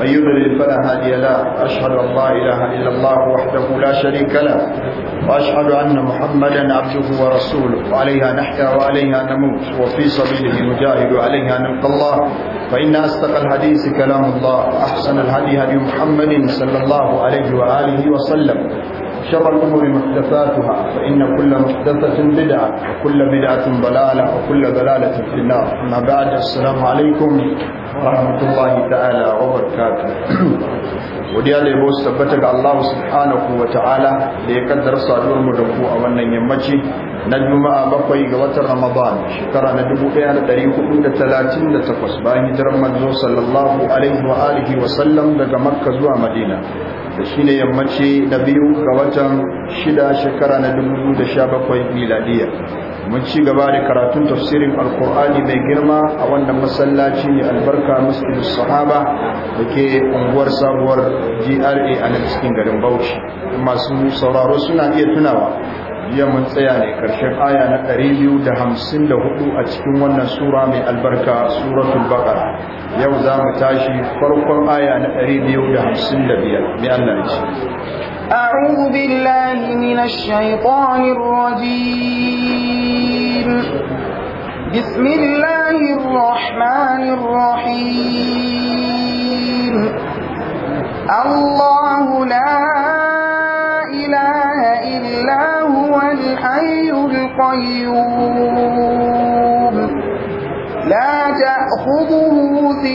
من يضلل فلا هادي له أشهد أن لا إله إلا الله وحده لا شريك له وأشهد أن محمدا عبده ورسوله وعليها نحيا وعليها نموت وفي سبيله نجاهد عليها نلقى الله فإن أصدق الحديث كلام الله وأحسن الهدي هدي محمد صلى الله عليه وآله وسلم شر الأمور محدثاتها فإن كل محدثة بدعة وكل بدعة ضلالة وكل ضلالة في النار أما بعد السلام عليكم ورحمة الله تعالى وبركاته ودي الله يبوس تبتك الله سبحانه وتعالى ليقدر صادور مدفوع وانا يمشي نجم ما بقي قوات رمضان شكرا ندبو إيه لدريه قد ثلاثين لتقص باهي درمان صلى الله عليه وآله وسلم لقى مكة زوى مدينة da shi ne yammaci na biyu ga watan shida shekara na 2017 miladiya mun ci gaba da karatun tafsirin alkur'ani mai girma a wannan masallaci ne albarka muslim sahaba da ke unguwar sabuwar gra a nan cikin garin bauchi masu sauraro suna iya tunawa jiya mun tsaya ne karshen aya na 254 a cikin wannan sura mai albarka suratul baqara yau za mu tashi farkon aya na 255 mai Allah ce أعوذ بالله من الشيطان الرجيم بسم الله الرحمن الرحيم الله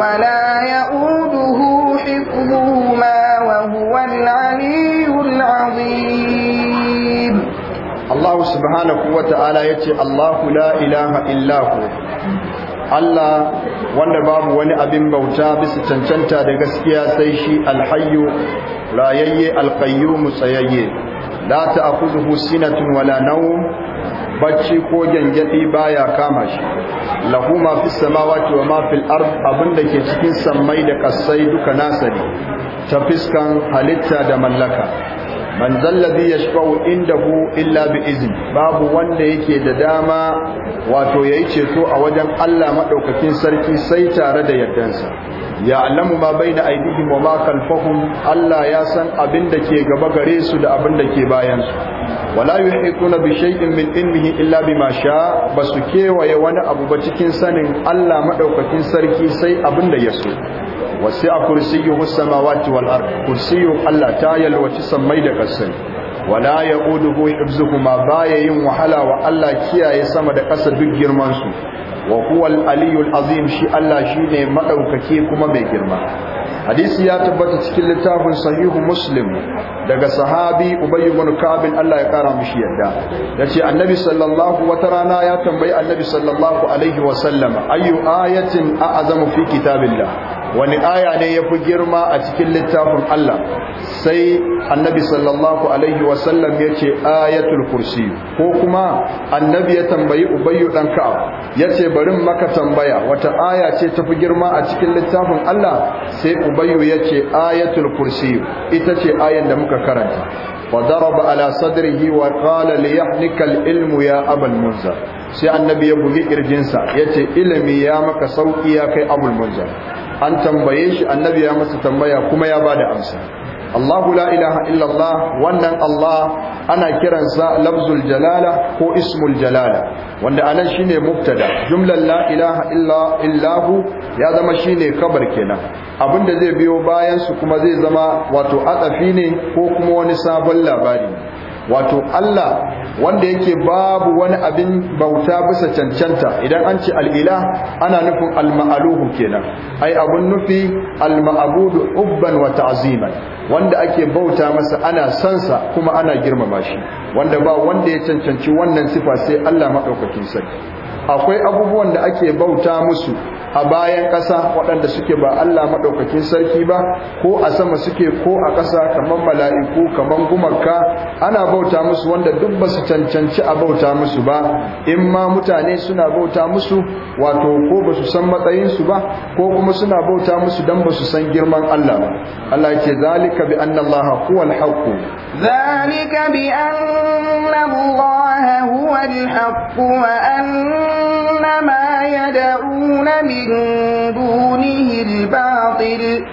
ولا يؤوده حفظهما وهو العلي العظيم الله سبحانه وتعالى يتي الله لا إله إلا هو Allah wanda babu wani abin bauta bisa cancanta da gaskiya sai shi alhayyu rayayye alqayyum tsayayye la ta'khudhuhu sinatun wala nawm bacci ko gyangyaɗi baya kama shi lahu ma fi samawati wa ma fil ard abinda ke cikin sammai da kasai duka nasa ne ta fiskan halitta da mallaka man zallazi yashfa'u indahu illa bi izni babu wanda yake da dama wato yayi ceto a wajen Allah madaukakin sarki sai tare da yardansa ya alamu ma baina aidihim wa ma khalfahum Allah ya san abin da ke gaba gare su da abin da ke bayan su wala yuhituna bi shay'in min ilmihi illa bima sha basu kewaye wani abu ba cikin sanin Allah madaukakin sarki sai abin da ya so wasi'a kursiyyuhu samawati wal ard kursiyu Allah ta yalwaci sammai da kasai wala kuma ba baya yin wahala wa Allah kiyaye sama da ƙasar duk girman su wa huwal aliyul azim shi Allah shine madaukake kuma mai girma hadisi ya tabbata cikin littafin sahihu muslim daga sahabi Ubayu ibn ka'b Allah ya kara mishi yadda yace annabi sallallahu wata rana ya tambayi annabi sallallahu alaihi wa sallama ayu ayatin a'zamu fi kitabillah wani aya ne ya fi girma a cikin littafin Allah sai annabi sallallahu alaihi wasallam ya ce ayatul kursi ko kuma annabi ya tambayi ubayyu dan ka'ab ya ce barin maka tambaya wata aya ce ta fi girma a cikin littafin Allah sai ubayyu ya ce ayatul kursi ita ce ayan da muka karanta wa daraba ala sadrihi wa qala li yahnika ilmu ya abal munzar sai annabi ya bugi kirjinsa yace ilimi ya maka sauki ya kai abul munzar an tambaye shi annabi ya masa tambaya kuma ya bada amsa Allahu la ilaha illallah wannan Allah ana kiransa lafzul jalala ko ismul jalala wanda anan shine mubtada Jumlan la ilaha illa illahu ya zama shine kabar kenan abinda zai biyo bayan su kuma zai zama wato atafi ne ko kuma wani sabon labari wato Allah wanda yake babu wani abin bauta bisa cancanta idan an ce al'ila ana nufin alma'aluhu kenan ai abun nufi alma'abudu ubban wa aziman wanda ake bauta masa ana sansa kuma ana girmama shi wanda ba wanda ya cancanci wannan sifa sai Allah maɗaukakin sai akwai abubuwan da ake bauta musu a bayan ƙasa waɗanda suke ba Allah maɗaukakin sarki ba ko a sama suke ko a ƙasa kamar mala'iku kamar gumarka, ana bauta musu wanda duk ba su cancanci a bauta musu ba in ma mutane suna bauta musu wato ko ba su san matsayinsu ba ko kuma suna bauta musu don ba su san girman Allah Allah ke zalika bi an Allah huwa zalika bi Allah huwa يدعون من دونه الباطل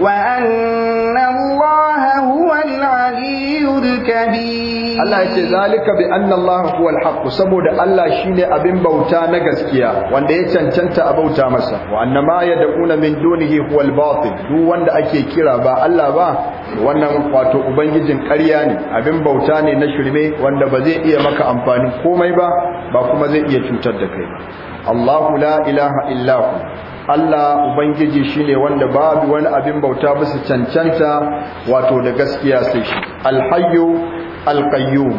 وأن الله هو العلي الكبير الله يتي ذلك بأن الله هو الحق سبود الله شيني أبن بوتا نغسكيا وان يتن تنت أبوتا مسا وأن ما يدعون من دونه هو الباطل دو وان أكي كرا با الله با وان واتو أبنجزن كرياني أبن بوتاني نشرمي وان بزي إيا مكا أمفاني كومي با با كومي زي إيا تنتد كيما Allah la ilaha illahu Allah Ubangiji shine wanda babu wani abin bauta ba su cancanta wato da gaskiya sai shi alhayyu alqayyum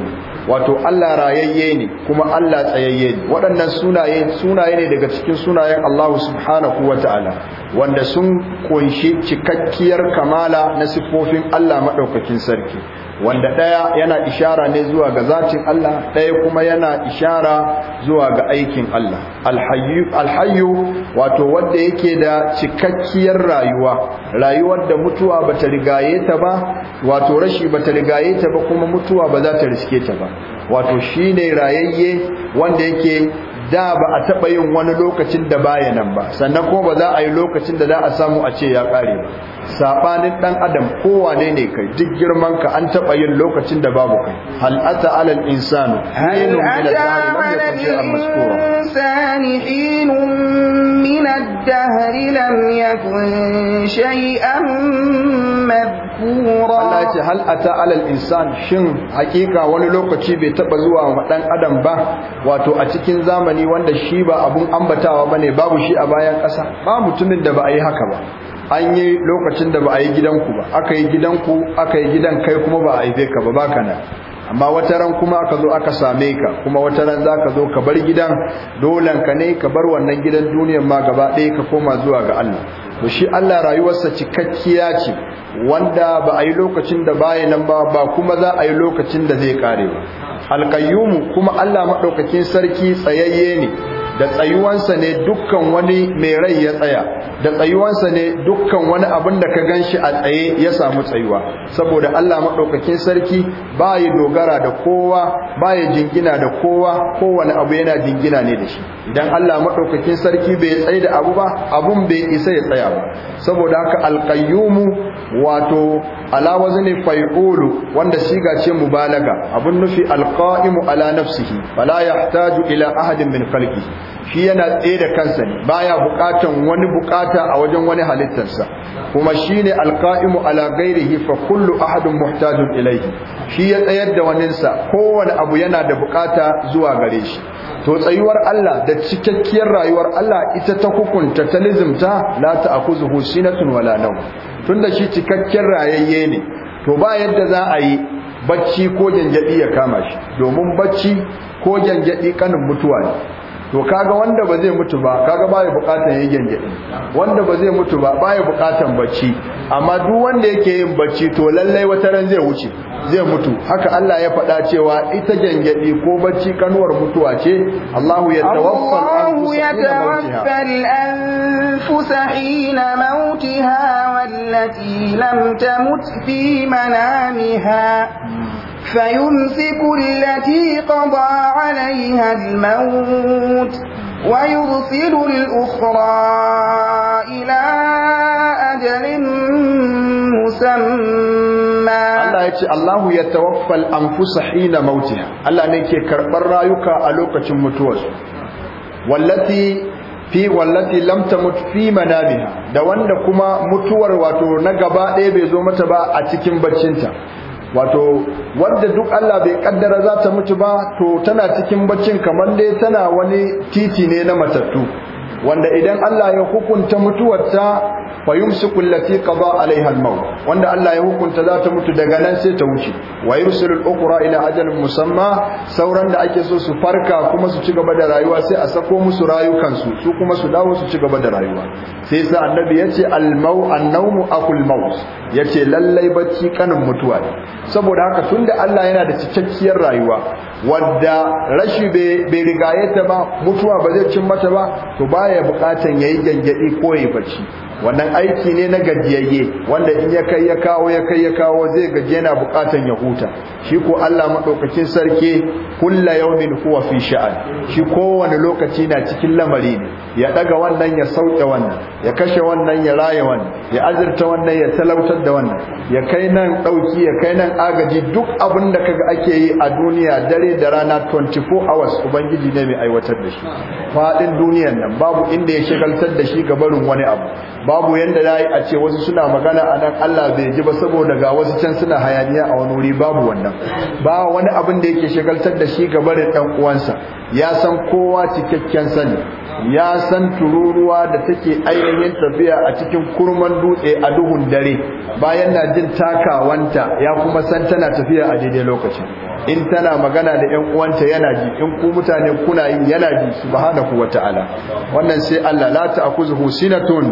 wato Allah rayayye ne kuma Allah tsayayye ne waɗannan sunaye sunaye ne daga cikin sunayen Allah subhanahu wataala wanda sun kunshi cikakkiyar kamala na sifofin Allah madaukakin sarki wanda ɗaya yana ishara ne zuwa ga zatin Allah ɗaya kuma yana ishara zuwa ga aikin Allah alhayyu wato wanda yake da cikakkiyar rayuwa rayuwar da mutuwa bata rigaye ta ba wato rashi bata rigaye ta ba kuma mutuwa ba za ta riske ta ba wato shine rayayye wanda yake da ba a taɓa yin wani lokacin da baya nan ba sannan kuma ba za a yi lokacin da za a samu a ce ya ƙare ba saɓanin ɗan adam kowane ne kai duk girman ka an taɓa yin lokacin da babu kai hal ata alal insanu hinun min ad-dahr lam yakun shakura Allah ce hal ata alal insan shin hakika wani lokaci bai taba zuwa wa dan adam ba wato a cikin zamani wanda shi ba abun ambatawa bane babu shi a bayan kasa ba mutumin da ba a yi haka ba an yi lokacin da ba a yi gidanku ba aka yi gidanku aka yi gidan kai kuma ba a yi ka ba ba kana amma wata ran kuma aka zo aka same ka kuma wata ran za ka zo ka bar gidan dolan ka ne ka bar wannan gidan duniyar ma gaba ɗaya ka koma zuwa ga Allah to shi Allah rayuwarsa cikakkiya ce wanda ba a yi lokacin da baya nan ba ba kuma za a yi lokacin da zai kare ba alƙayyumu kuma Allah madaukakin sarki tsayayye ne da tsayuwansa ne dukkan wani mai rai ya tsaya da tsayuwansa ne dukkan wani abin da ka ganshi a tsaye ya samu tsayuwa saboda Allah madaukakin sarki ba dogara da kowa ba jingina da kowa kowane abu yana jingina ne da shi idan Allah madaukakin sarki bai tsaye da abu ba abun bai isa ya tsaya ba saboda haka alqayyum wato ala wazni fayulu wanda siga ce mubalaga abun nufi alqaimu ala nafsihi fala yahtaju ila ahadin min khalqihi shi yana tsaye da kansa ne baya bukatan wani bukata a wajen wani halittarsa kuma shine alka'imu ala gairihi fa kullu ahadun muhtajun Ilaihi, shi ya tsayar da waninsa kowane abu yana da bukata zuwa gare shi to tsayuwar Allah da cikakkiyar rayuwar Allah ita ta hukunta ta lizimta la ta'khuzuhu sinatun wala nawm tunda shi cikakkiyar rayayye ne to ba yadda za a yi bacci ko gyangyaɗi ya kama shi domin bacci ko gyangyaɗi kanin mutuwa ne to kaga wanda ba zai mutu ba kaga ba baya bukatan yayin gengedi wanda ba zai mutu ba ba ya bukatan bacci amma duk wanda yake yin bacci to lallai wata ran zai wuce zai mutu haka Allah ya faɗa cewa ita gengedi ko bacci kanuwar mutuwa ce Allahu ya tawaffa Allahu ya tawaffa al-anfus hina wallati lam tamut fi manamiha فيمسك التي قضى عليها الموت ويرسل الأخرى إلى أجل مسمى Allah ya ce Allahu ya tawaffal anfusa hina mautiha Allah ne ke karɓar rayuka a lokacin mutuwarsu wallati fi fi manabiha da wanda kuma mutuwar wato na gaba ɗaya bai zo mata ba a cikin baccinta wato wadda duk Allah bai kaddara za ta mutu ba to tana cikin baccin kamar dai tana wani titi ne na matattu wanda idan Allah ya hukunta mutuwarta fa yumsiku allati qada alaiha al-maut wanda Allah ya hukunta za ta mutu daga nan sai ta wuce wa yursilu al-ukhra ila ajalin musamma sauran da ake so su farka kuma su ci gaba da rayuwa sai a sako musu rayukan su su kuma su dawo su ci gaba da rayuwa sai sa annabi yace almau mau an akul maut yace lallai bacci kanin mutuwa ne saboda haka tunda Allah yana da cikakkiyar rayuwa wadda rashi bai rigaye ta ba mutuwa ba zai cin mata ba to baya bukatan yayi gangadi ko yayi bacci wannan aiki ne na gajiyayye wanda in ya kai ya kawo ya kai ya kawo zai gaji yana bukatan ya huta shi ko Allah madaukakin sarki kullu yawmin huwa fi sha'an shi kowane lokaci na cikin lamari ne ya daga wannan ya sauke wannan ya kashe wannan ya raye wannan ya azurta wannan ya talautar da wannan ya kai nan dauki ya kai nan agaji duk abin da kaga ake yi a duniya dare da rana 24 hours ubangiji ne mai aiwatar da shi fadin duniyar nan babu inda ya shigaltar da shi ga barin wani abu babu yanda dai a ce wasu suna magana a nan Allah bai ji ba saboda ga wasu can suna hayaniya a wani wuri babu wannan ba wani abin da yake shigaltar da shi ga barin dan uwansa ya san kowa cikakken sani ya san tururuwa da take ainihin tafiya a cikin kurman dutse a duhun dare bayan na jin takawanta ya kuma san tana tafiya a daidai lokaci. in tana magana da 'yan uwanta yana ji in ku mutane kuna yin yana ji subhanahu wataala wannan sai Allah la ta'khuzuhu sinatun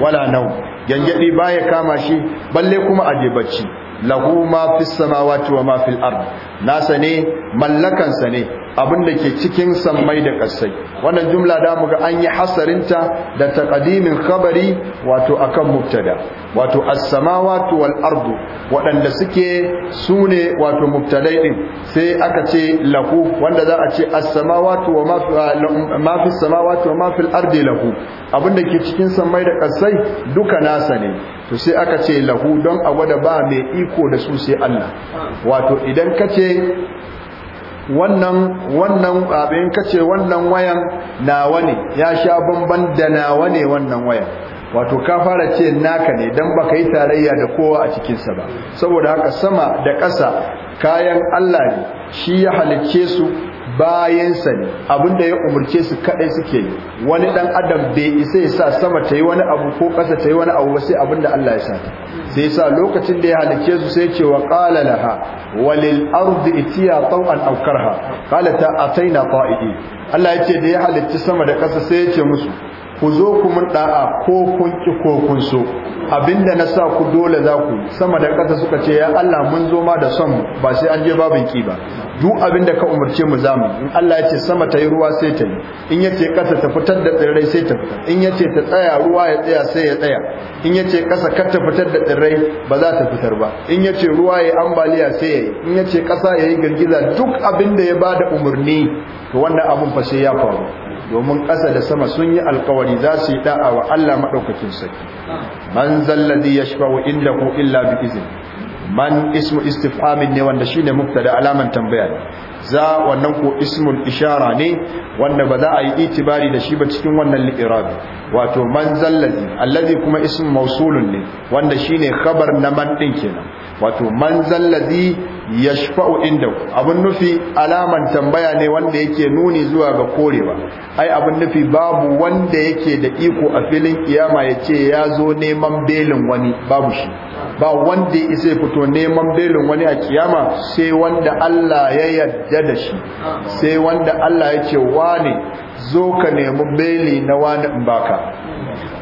wala naw gangadi baya kama shi balle kuma aje bacci lahu ma fis samawati wa ma fil ard nasa ne mallakansa ne abin ke cikin sammai da ƙasai wannan jumla da muka an yi hasarinta da taqdimin khabari wato akan mubtada wato as-samawati wal ardu waɗanda suke sune wato mubtadai din sai aka ce lahu wanda za a ce as-samawati wa ma fi ah, samawati wa ma al ardi lahu abin ke cikin sammai da ƙasai duka nasa ne to sai aka ce lahu don a gwada ba mai iko da su sai Allah wato idan kace wannan wannan abin kace wannan wayan nawa ne ya sha bamban da nawa ne wannan wayan wato ka fara ce naka ne dan baka yi tarayya da kowa a cikin sa ba saboda haka sama da ƙasa kayan Allah ne shi ya halicce su Bayan bayansa ne da ya umarce su kadai suke yi wani dan adam bai isa ya sa sama ta yi wani abu ko ƙasa ta yi wani abu sai abin da Allah ya sa ta sai sa lokacin da ya halicce su sai ce wa qala laha walil ardi itiya taw'an aw karha qalat ataina qa'idi Allah ya ce da ya halarci sama da ƙasa sai ya ce musu ku zo ku mun da'a ko kun ki ko kun so abinda na sa ku dole za ku sama da kasa suka ce ya Allah mun zo ma da son ba sai an je babin ki ba duk abinda ka umarce mu zamu in Allah ya ce sama ta yi ruwa sai ta yi in ya ce ƙasa ta fitar da tsirrai sai ta fitar in ya ce ta tsaya ruwa ya tsaya sai ya tsaya in ya ce ƙasa kar ta fitar da tsirrai ba za ta fitar ba in ya ce ruwa ya ambaliya sai ya yi in ya ce ƙasa ya yi girgiza duk abinda ya bada da umarni to wannan abun fa sai ya faru domin ƙasa da sama sun yi alkawari za su yi da'a wa Allah maɗaukakin sarki man zalladhi yashfa'u ko illa bi izin. man ismu istifhamin ne wanda shine muktada alaman tambaya za wannan ko ismun ishara ne wanda ba za a yi itibari da shi ba cikin wannan liqirabi wato man zallazi allazi kuma ism mausulun ne wanda shine khabar na man din kenan wato man zallazi yashfa'u inda abun nufi alaman tambaya ne wanda yake nuni zuwa ga korewa ai abun nufi babu wanda yake da iko a filin kiyama yace ya zo neman belin wani babu shi ba wanda ya isa fito neman belin wani a kiyama sai wanda Allah ya yadda da shi sai wanda Allah ya ce wane zo ka nemi beli na wani in baka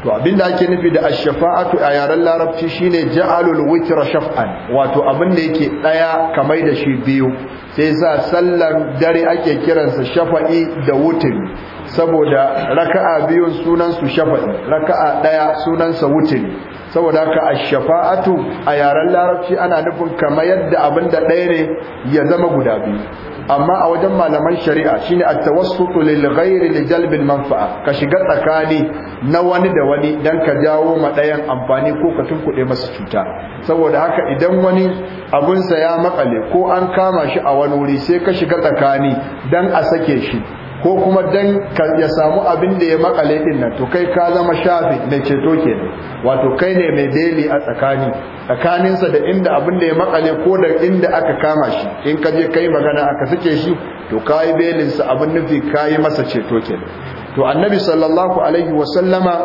to abinda ake nufi da ash-shafa'atu a yaren larabci shine ja'alul witra shaf'an wato abin da yake daya kamar da shi biyu sai sa sallan dare ake kiransa shafa'i da wutri saboda raka'a biyun sunan su shafa'i raka'a daya sunan sa wutri saboda haka a shafaatu a yaren larabci ana nufin kamar yadda abin da ɗaya ne ya zama guda biyu amma a wajen malaman shari'a shine at-tawassut lil ghairi li jalb manfaa ka shiga tsakani na wani da wani dan ka jawo ma ɗayan amfani ko ka tunkuɗe masa cuta saboda haka idan wani abun ya makale ko an kama shi a wani wuri sai ka shiga tsakani dan a sake shi ko kuma dan ya samu abin da ya makale din nan to kai ka zama shafi mai ceto ke wato kai ne mai daili a tsakani tsakaninsa da inda abin da ya makale ko da inda aka kama shi in ka je kai magana aka sake shi to kai belin sa abin nufi yi masa ceto ke to annabi sallallahu alaihi wasallama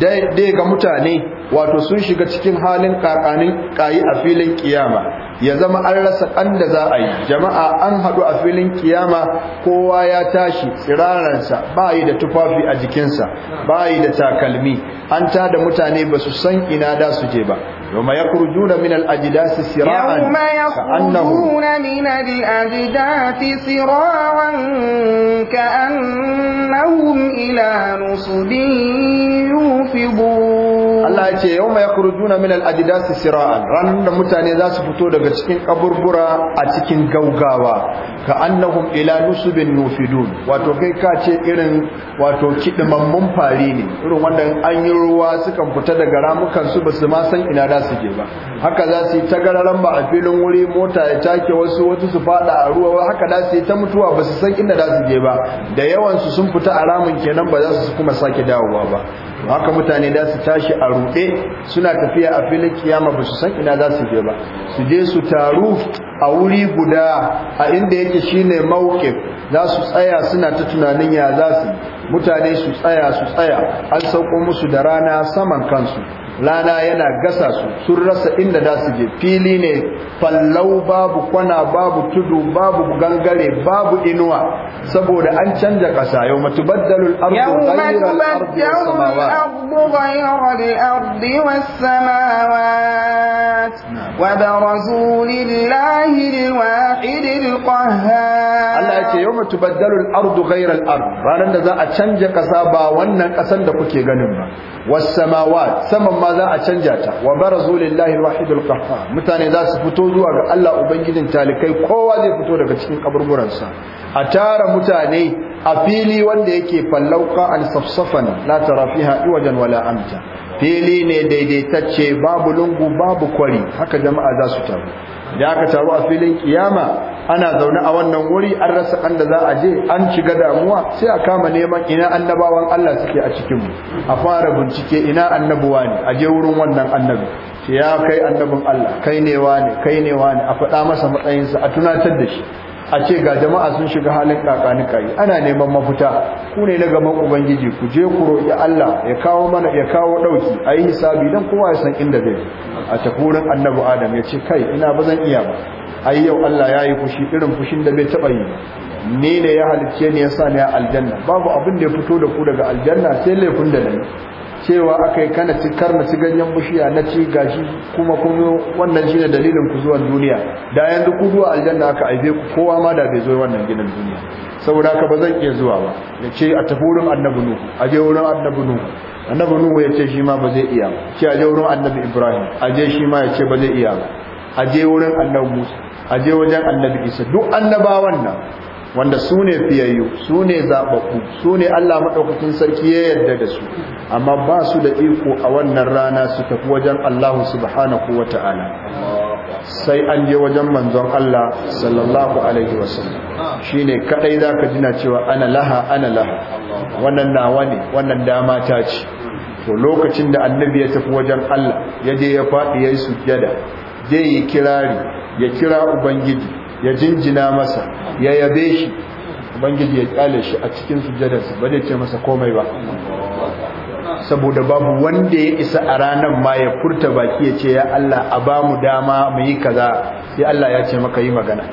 dai ga mutane wato sun shiga cikin halin kakanin kayi a filin kiyama ya zama an rasa kan da za a yi jama'a an haɗu a filin kiyama kowa ya tashi tsirararsa ba yi da tufafi a jikinsa ba yi da takalmi an da mutane ba su san ina da su je ba يوم ya من na minal ajidasi يخرجون ka الأجداث سراعا كأنهم ce yau mai juna min al'adidasi sira'an ranar da mutane za su fito daga cikin kaburbura a cikin gaugawa ka annahum ila nusubin nufidun wato kai ka ce irin wato kidimammun fari ne irin wanda an yi ruwa suka fita daga ramukan su ba su ma san ina da su ke ba haka za su yi ta gararan ba a filin wuri mota ya take wasu wasu su fada a ruwa haka za su yi ta mutuwa ba su san inda da su ke ba da yawansu sun fita a ramin kenan ba za su kuma sake dawowa ba haka mutane da su tashi a ruɗe suna tafiya a filin kiyama ba su san ina za su je ba su je su taru a wuri guda a inda yake shine mawuke za su tsaya suna ta tunanin ya za su mutane su tsaya su tsaya an sauko musu da rana saman kansu rana yana gasa su sun rasa inda da su je fili ne fallau babu kwana babu tudu babu gangare babu inuwa saboda an canja kasa yau matubaddalul ardu ghayral ardi Allah yake yau matubaddalul ardu ghayral ardi ranan da za a canja kasa ba wannan kasan da kuke ganin ba Wasu samawat saman ma ma za a canja ta wa barazu lillahi alwahidul qahhar mutane za su fito zuwa ga Allah ubangijin talikai kowa zai fito daga cikin kaburburan sa a tara mutane a fili wanda yake fallauka an safsafan la tara fiha iwajan wala amta fili ne daidaitacce babu lungu babu kwari haka jama'a za su taru da aka taru a filin kiyama ana zaune a wannan wuri an rasa kan da za a je an shiga damuwa sai a kama neman ina annabawan Allah suke a cikin mu a fara bincike ina annabuwa ne a je wurin wannan annabi ya kai annabin Allah kai ne wane kai ne wane a faɗa masa matsayinsa a tunatar da shi a ce ga jama'a sun shiga halin kakanikari ana neman mafuta ku ne na gaban ubangiji ku je ku roƙi Allah ya kawo mana ya kawo ɗauki Ayi hisabi dan kowa ya san inda zai a tafurin wurin annabi adam ya ce kai ina ba zan iya ba Ayi yau Allah yayi yi fushi irin fushin da bai taɓa yi ni ne ya halicce ni ya sa ni a aljanna babu abin da ya fito da ku daga aljanna sai laifin da na cewa aka yi kana cikar kar na ci ganyen bishiya na ci gashi kuma kuma wannan shi ne dalilin ku zuwan duniya da yanzu ku zuwa aljanna aka aibe ku kowa ma da bai zo wannan gidan duniya saboda haka ba zan iya zuwa ba ya ce a tafi wurin annabi nuhu a je wurin annabi nuhu annabi nuhu ya ce shi ma ba zai iya ba ce a je wurin annabi ibrahim a je shi ma ya ce ba zai iya ba a je wurin annabi musa a je wajen annabi isa duk annabawan nan wanda su ne fiyayyu su ne zaɓaɓɓu su ne Allah maɗaukakin sarki ya yarda da su amma ba su da iko a wannan rana su tafi wajen Allah subhanahu wa ta'ala sai an je wajen manzon Allah sallallahu alaihi wasallam shi ne kaɗai za ka jina cewa ana laha ana laha wannan nawa ne wannan dama ta ce to lokacin da annabi ya tafi wajen Allah ya je ya faɗi ya yi sujjada je yi kirari ya kira ubangiji ya jinjina masa ya yabe shi Bangiji ya kyale shi a cikin sujjadarsa ba zai ce masa komai ba saboda babu wanda ya isa a ranar ma ya furta baki ya ce ya Allah a ba mu dama mu yi kaza sai Allah ya ce maka yi magana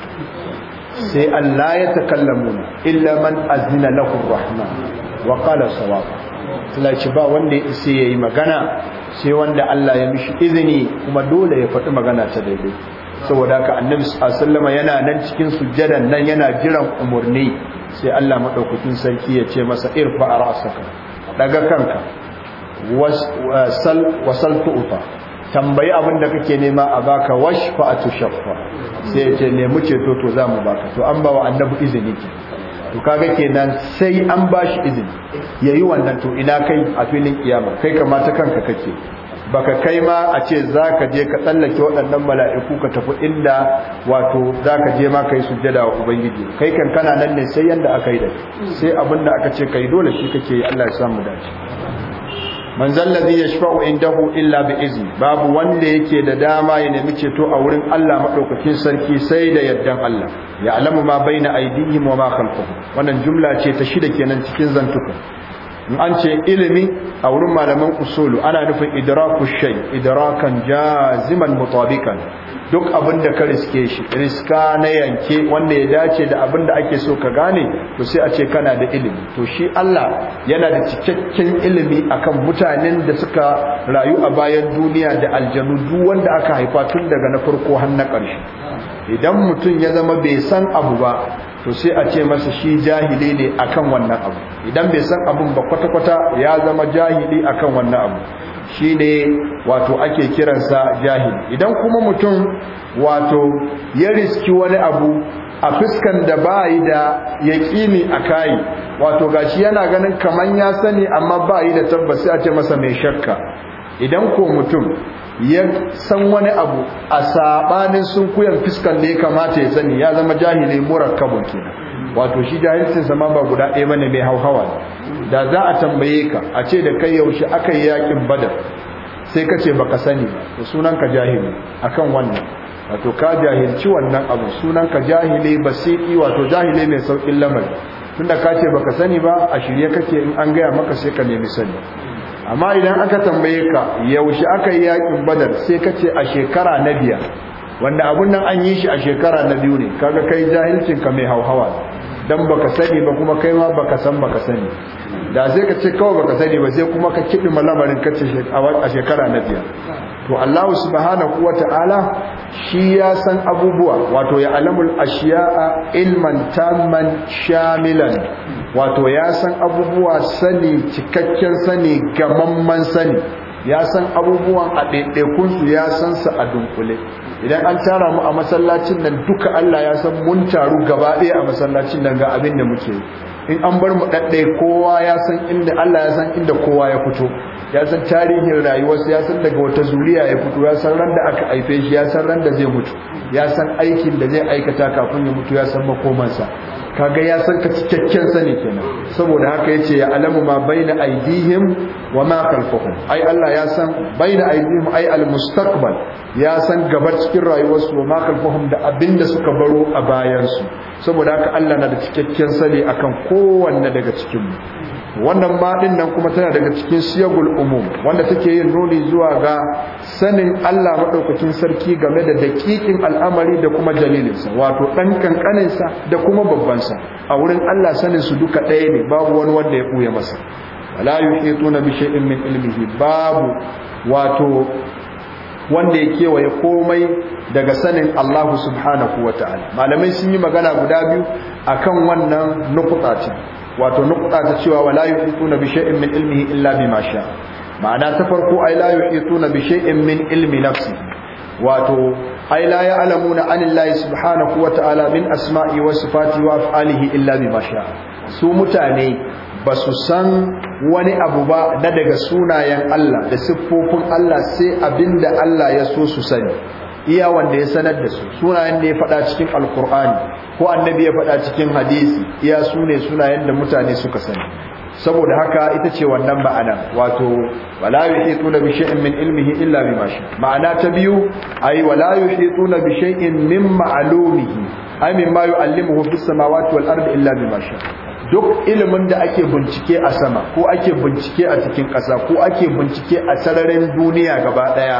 sai Allah ya takallamu illa man azina lahu rahman wa qala sawab sai ba wanda ya isa yayi magana sai wanda Allah ya mishi izini kuma dole ya faɗi magana ta daidai saboda haka annabi wasallam yana nan cikin sujjadan nan yana jiran umurni sai Allah madaukakin sarki ya ce masa irfa ra'saka daga kanka wasal wasal tu'ta tambayi abin da kake nema a baka washfa atushaffa sai ya ce nemi ceto to za mu baka to an bawa annabi izini ki to kaga kenan sai an bashi izini yayi wannan to ina kai a filin kiyama kai kamata kanka kake baka kai ma a ce za ka je ka tsallake waɗannan mala'iku ka tafi inda wato za ka je ma ka yi sujjada wa ubangiji kai kan kana nan ne sai yadda aka yi da sai abin da aka ce ka yi dole shi kake yi allah ya samu dace man zallazi ya shafa'u indahu illa bi izi babu wanda yake da dama ya nemi ceto a wurin Allah maɗaukakin sarki sai da yaddan Allah ya alamu ma na aidihim wa ma khalfahum wannan jumla ce ta shida kenan cikin zantuka an ce ilimi a wurin malaman usulu ana nufin idraku shay idrakan jaziman mutabikan duk abin da ka riske shi riska na yanke wanda ya dace da abin da ake so ka gane to sai a ce kana da ilimi to shi Allah yana da cikakken ilimi akan mutanen da suka rayu a bayan duniya da aljanu duk wanda aka haifa tun daga na farko har na ƙarshe idan mutum ya zama bai san abu ba to sai a ce masa shi jahili ne akan wannan abu idan bai san abun ba kwata-kwata ya zama jahili akan wannan abu shi ne wato ake kiransa jahili idan kuma mutum wato ya riski wani abu a fuskan da ba yi da yaƙini a kayi wato gashi yana ganin kaman ya sani amma ba yi da tabbasi a ce masa mai shakka idan ko mutum ya san wani abu a sabanin sun kuyar fiskan da ya kamata ya sani ya zama murar kabon kenan wato shi jahilcin zama ba guda ɗaya mana mai hauhawa da za a tambaye ka a ce da kai yaushe aka yi yakin badar sai ka ce baka sani ba sunan ka jahili akan wannan wato ka jahilci wannan abu sunan ka jahili sai wato jahili mai saukin lamari tunda ka ce baka sani ba a shirye kake in an gaya maka sai ka nemi sani amma idan aka tambaye ka yaushe aka yi yakin badar sai ka ce a shekara na biya wanda abun nan an yi shi a shekara na biyu ne kaga kai jahilcin ka mai hauhawa dan baka sani ba kuma kai ma baka san baka sani da sai ka ce kawai baka sani ba sai kuma ka kidi malamarin ka ce a shekara na biya. to Allah subhanahu wa ta'ala shi ya san abubuwa wato ya alamul ashiya'a ilman tamman shamilan wato ya san abubuwa sani cikakken sani gamamman sani ya san abubuwan a su ya san su a dunkule idan an tara mu a masallacin nan duka Allah ya san mun taru gaba ɗaya a masallacin nan ga abin da muke in an bar mu ɗaiɗai, kowa ya san inda Allah ya san inda kowa ya fito ya san tarihin rayuwarsa ya san daga wata zuriya ya fito ya san ran da aka haife shi ya san ran da zai mutu ya san aikin da zai aikata kafin ya mutu ya san makomansa kaga ya san ka cikakken sani kenan saboda haka yace ya alamu ma baina aidihim wa ma khalfuhum ai Allah ya san baina aidihim ai al mustaqbal ya san gaba cikin rayuwarsu wa ma khalfuhum da abinda suka baro a bayansu saboda haka Allah na da cikakken sani akan kowanne daga cikin mu wannan ma din nan kuma tana daga cikin siyagul umum wanda take yin nuni zuwa ga sanin Allah madaukakin sarki game da daƙiƙin al'amari da kuma jalilinsa wato dan kankaninsa da kuma babban masa a wurin Allah sanin su duka ɗaya ne babu wani wanda ya buya masa wala yuhituna bi shay'in min ilmihi babu wato wanda ya kewaye komai daga sanin Allah subhanahu ta'ala. malamai sun yi magana guda biyu akan wannan nukuta ce wato nukuta ta cewa wala yuhituna bi shay'in min ilmihi illa ma sha ma'ana ta farko ai la yuhituna bi shay'in min ilmi nafsi wato ai la ya'lamuna anillahi subhanahu wa ta'ala min asma'i wa sifati wa af'alihi illa bima sha'a su mutane ba su san wani abu ba na daga sunayen Allah da siffofin Allah sai abinda Allah ya so su sani iya wanda ya sanar da su sunayen da ya faɗa cikin alkur'ani ko annabi ya faɗa cikin hadisi iya sune ne sunayen da mutane suka sani saboda haka ita ce wannan ma'ana wato wala yuhituna bi shay'in min ilmihi illa bima sha ma'ana ta biyu ai wala yuhituna bi shay'in min ma'lumihi ai mimma yu'allimuhu fis samawati wal ardi illa bima duk ilimin da ake bincike a sama ko ake bincike a cikin ƙasa ko ake bincike a sararin duniya gaba daya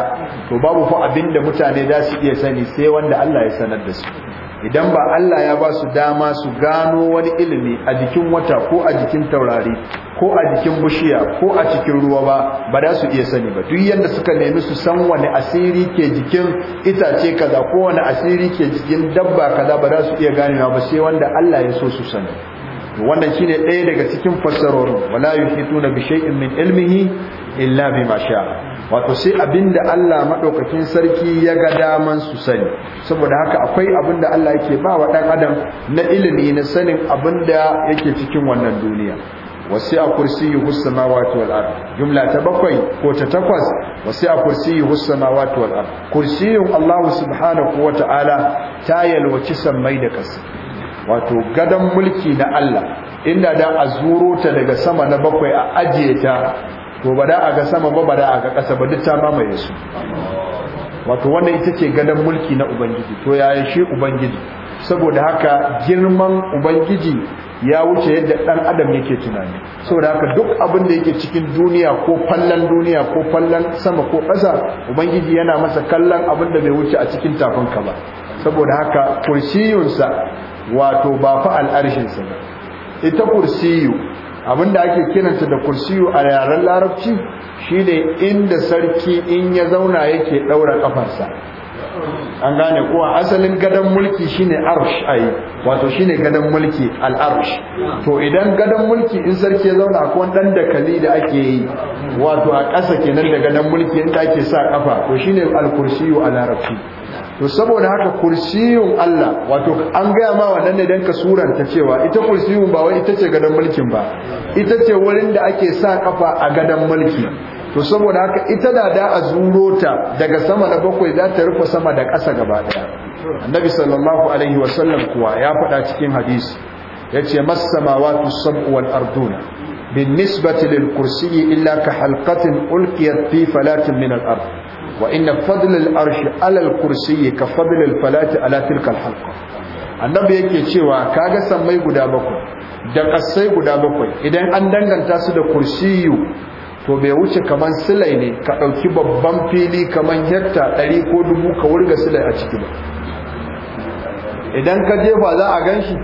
to babu fa abinda mutane za su iya sani sai wanda Allah ya sanar da su idan ba Allah ya ba su dama su gano wani ilimi a jikin wata ko a jikin taurari ko a jikin bushiya ko a cikin ruwa ba ba da su iya sani ba duk yadda suka nemi su san wani asiri ke jikin itace kaza ko wani asiri ke jikin dabba kaza ba da su iya ganewa ba sai wanda Allah ya so su sani wannan shine ɗaya daga cikin fassarorin wala yuhituna bi shay'in min ilmihi illa bima sha'a wato sai abinda Allah madaukakin sarki ya ga daman su sani saboda haka akwai abinda Allah yake ba wa dan adam na ilimi na sanin abinda yake cikin wannan duniya wasi a kursiyuhu samawati wato ard jumla ta bakwai ko ta takwas wasi a kursiyuhu samawati wato ard kursiyun Allah subhanahu wa ta'ala ta yalwaci sammai da ƙasa wato gadon mulki na Allah inda da azuro ta daga sama na bakwai a ajiye ta to ba da a ga sama ba ba da a ga ƙasa ba duk ta mamaye su wato wannan ita ce gadon mulki na ubangiji to yayin shi ubangiji saboda haka girman ubangiji ya wuce yadda ɗan adam yake tunani saboda haka duk abin da yake cikin duniya ko fallon duniya ko fallon sama ko ƙasa ubangiji yana masa kallon abin da bai wuce a cikin ka ba saboda haka kursiyunsa wato ba fa al'arshinsa ba ita kursiyu abinda ake kiransa da kursiyu a yaren larabci shi ne inda sarki in ya zauna yake ɗaura kafarsa an gane kuwa asalin gadon mulki shi arush arsh yi, wato shi ne gadon mulki al'arush to idan gadon mulki in sarki ya zauna a wani ɗan dakali da ake yi wato a ƙasa kenan da gadon mulki in ake sa kafa to shine al kursiyu a larabci to saboda haka kursiyun Allah wato an gaya ma wannan ne dan ka suranta cewa ita kursiyun ba wai ita ce gadan mulkin ba ita ce wurin da ake sa kafa a gadan mulki to saboda haka ita da da a zuro ta daga sama na bakwai za ta rufe sama da ƙasa gaba ɗaya annabi sallallahu alaihi wasallam kuwa ya faɗa cikin hadisi yace mas-samawati sab'u wal arduna bin nisbati lil kursiyyi illa ka halkatin ulqiyat fi falatin min al wa inna fadlul arshi alal kursiyyi ka fadlul falati ala tilka halqa annabi yake cewa kaga sammai guda bakwai da kasai guda bakwai idan an danganta su da kursiyu to bai wuce kaman silai ne ka dauki babban fili kaman hekta 100 ko dubu ka wurga silai a ciki ba idan ka jefa za a ganshi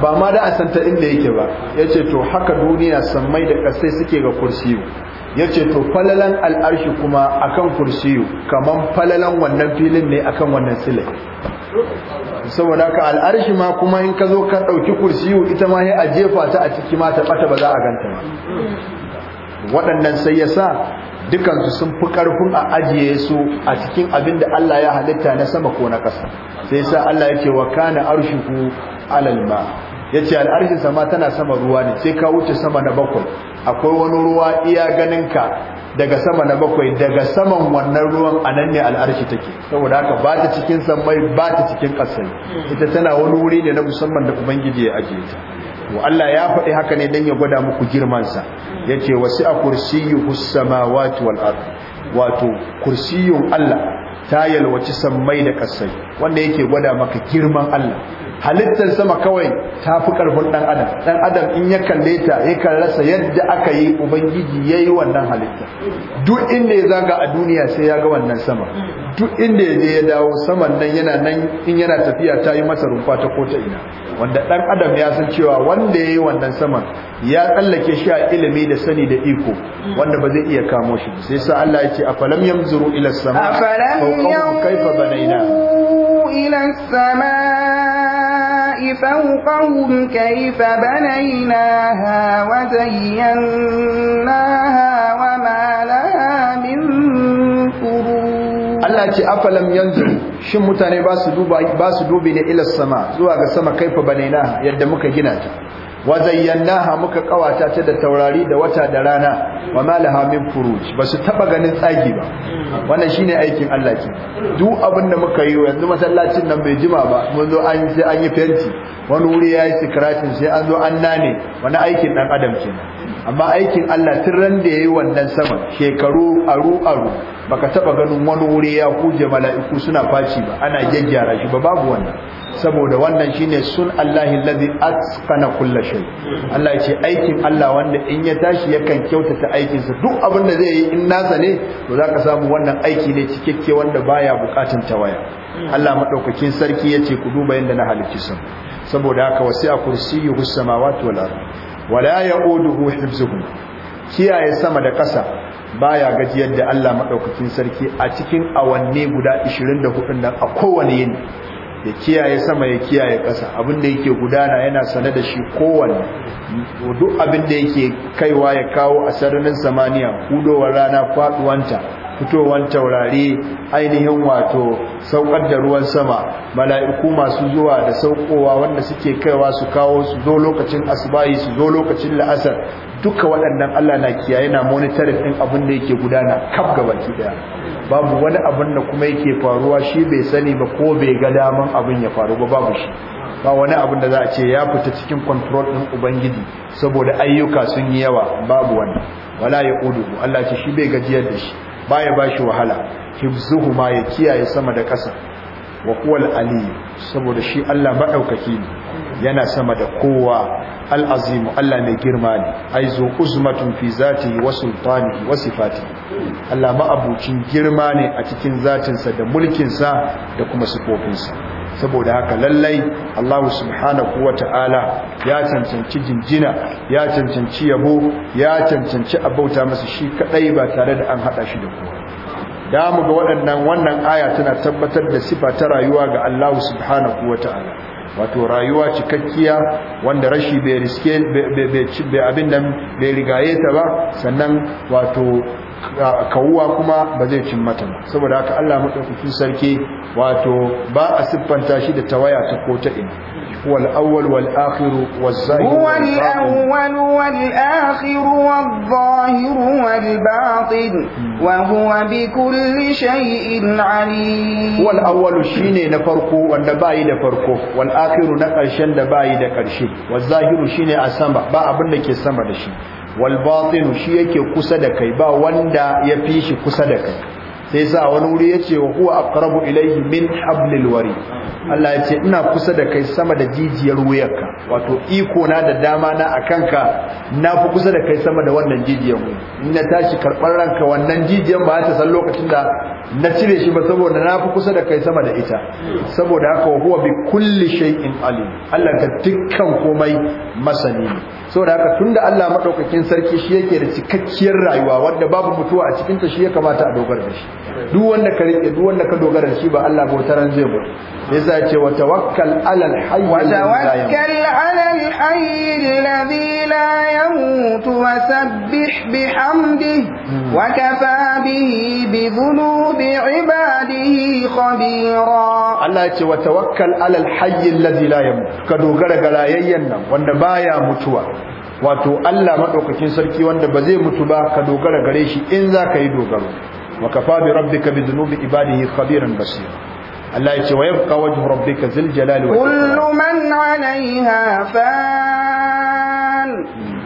ba ma da a santa inda yake ba yace to haka duniya sammai da kasai suke ga kursiyu ya ce to falalan al'arshi kuma akan kursiyu kamar falalan wannan filin ne akan wannan silai saboda ka al'arshi ma kuma in ka zo ka ɗauki kursiyu ita ma ya a jefa ta a ciki ma ta ɓata ba za a ganta ba waɗannan sai ya sa dukansu sun fi ƙarfin a ajiye su a cikin abin da Allah ya halitta na sama ko na ƙasa sai sa Allah ya ce wa kana arshiku alal ma yace al'arshin sama tana sama ruwa ne sai ka wuce sama na bakwai akwai wani ruwa iya ganin ka daga sama na bakwai daga saman wannan ruwan anan ne al'arshi take saboda haka ba ta cikin sammai ba ta cikin ƙasai ita tana wani wuri ne na musamman da ubangiji ya ajiye ta wa Allah ya faɗi haka ne dan ya gwada muku girman sa yace wasi'a kursiyyuhus samawati wal ard wato kursiyun Allah ta yalwaci sammai da kasai wanda yake gwada maka girman Allah halittar sama kawai ta fi karfin dan adam dan adam in ya kalle ta yakan rasa yadda aka yi ubangiji yayi wannan halitta duk inda ya zaga a duniya sai ya ga wannan sama duk inda ya je ya dawo saman nan yana nan in yana tafiya ta yi masa rumfa ta kota ina wanda dan adam ya san cewa wanda ya yi wannan sama ya tsallake shi a ilimi da sani da iko wanda ba zai iya kamo shi sai sa Allah ya ce afalam yanzuru ila sama فوقهم كيف بنيناه إلى السماء فوقهم كيف بنيناها وزيناها وما لها من Allah ce afalam yanzu shin mutane ba su duba ba ne ila sama zuwa ga sama kaifa banaina yadda muka gina ta wa zayyannaha muka kawata ta da taurari da wata da rana wa malaha min furuj basu taba ganin tsagi ba wannan shine aikin Allah ce duk abin da muka yi yanzu masallacin nan bai jima ba mun zo an sai an yi fenti wani wuri ya yayi sikratin sai an zo an nane wani aikin dan adam ce amma aikin Allah tun ran da yayi wannan saman shekaru aru aru baka taba ganin wani wuri ya kuje mala'iku suna faci ba ana gyaggyara shi ba babu wannan saboda wannan shine sun Allahi allazi atqana kulla shay Allah yace aikin Allah wanda in ya tashi yakan kyautata aikin sa duk abin da zai yi in nasa ne to zaka samu wannan aiki ne cikakke wanda baya bukatun tawaya Allah madaukakin sarki yace ku duba yanda na halicci sun saboda haka wasi'a kursiyyuhu samawati wal ard wala ya'uduhu hifzuhum kiyaye sama da ƙasa baya gajiyar da Allah madaukakin sarki a cikin awanni guda 24 nan a kowane yini ya kiyaye sama ya kiyaye ƙasa abin da yake gudana yana sane da shi kowanne duk abin da yake kaiwa ya kawo a sararin samaniya hudowar rana faduwanta fitowar taurari ainihin wato saukar da ruwan sama mala'iku masu zuwa da saukowa wanda suke kaiwa su kawo su zo lokacin asubahi su zo lokacin la'asar duka waɗannan Allah na kiyaye na monitoring ɗin abin da yake gudana kaf baki daya babu wani abin da kuma yake faruwa shi bai sani ba ko bai ga daman abin ya faru ba babu shi ba wani abin da za a ce ya fita cikin control ɗin ubangiji saboda ayyuka sun yi yawa babu wani wala ya ƙudu Allah ce shi bai gajiyar da shi baya shi wahala Hibzuhu ma ya kiyaye sama da ƙasa wa kowal ali saboda shi Allah maɗaukaki ne yana sama da kowa al'azimu Allah mai girma ne aizu uzmatun fi zati wa Sultani wa sifati Allah ma'abucin girma ne a cikin zatinsa da mulkinsa da kuma sifofinsa saboda haka lallai Allah subhanahu ta'ala ya cancanci jinjina ya cancanci yabo ya cancanci abauta masa shi kadai ba tare da an hada shi da kowa da ga waɗannan wannan aya tana tabbatar da sifa ta rayuwa ga Allah subhanahu ta'ala wato rayuwa cikakkiya wanda rashi bai riske bai abin nan bai rigaye ta ba sannan wato kawuwa kuma ba zai cin mata saboda haka Allah madaukakin sarki wato ba a siffanta shi da tawaya ta ko ta ina wal awwal wal akhir waz zahir wal awwal wal akhir wal zahir wal batin hmm. wa huwa bi kulli shay'in alim wal awwal shine na farko wanda bai da farko wal akhir na karshen da bai da karshe waz zahir shine a sama ba abin da ke sama da shi wal shi yake kusa da kai ba wanda ya fi shi kusa da kai sai sa wani wuri yace wa huwa aqrabu ilaihi min hablil wari Allah ya ce ina kusa da kai sama da jijiyar wuyarka wato iko na da dama na kanka na fi kusa da kai sama da wannan jijiyan in na tashi karɓar ranka wannan jijiyan ba ta san lokacin da na cire shi ba saboda na fi kusa da kai sama da ita saboda haka wa huwa bi kulli shay'in alim Allah ka dukkan komai masani ne saboda haka tunda Allah madaukakin sarki shi yake da cikakkiyar rayuwa wanda babu mutuwa a cikin ta shi ya kamata a dogara da shi duk wanda ka rike duk wanda ka dogara da shi ba Allah ba taran zai bar yasa ce wa tawakkal alal hayy wa tawakkal alal hayy alladhi la يموت وسبح بحمده وكفى به بذنوب عباده خبيرا الله يتي وتوكل على الحي الذي لا يموت كدوغر غلايين وان بايا متوا wato Allah madaukakin sarki wanda ba zai mutu ba ka dogara gare shi in za ka yi dogaro wa kafa bi rabbika bi dhunubi ibadihi khabiran basir Allah yace wa yabqa wajhu rabbika zil jalali wa kullu man 'alayha fan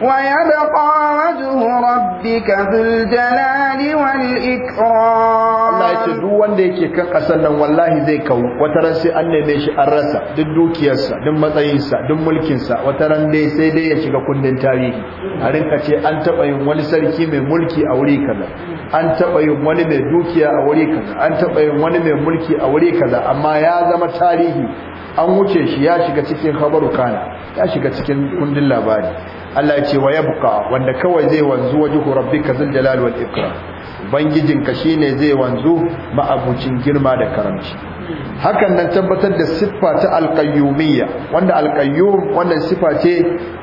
ويبقى وجه ربك ذو الجلال والإكرام الله يتدو wanda yake kan ƙasar nan wallahi zai kawo wataran sai an neme shi an rasa duk dukiyarsa duk matsayinsa duk mulkinsa wataran dai sai dai ya shiga kundin tarihi a rinka ce an taɓa yin wani sarki mai mulki a wuri kaza an taɓa yin wani mai dukiya a wuri kaza an taɓa yin wani mai mulki a wuri kaza amma ya zama tarihi an wuce shi ya shiga cikin habaru kana ya shiga cikin kundin labari Allah ya ce wa yabqa wanda kawai zai wanzu wajhu rabbika zul jalal wal ikram ka shine zai wanzu abucin girma da karamci hakan nan tabbatar da siffa ta alqayyumiyya wanda alqayyum wannan siffa ce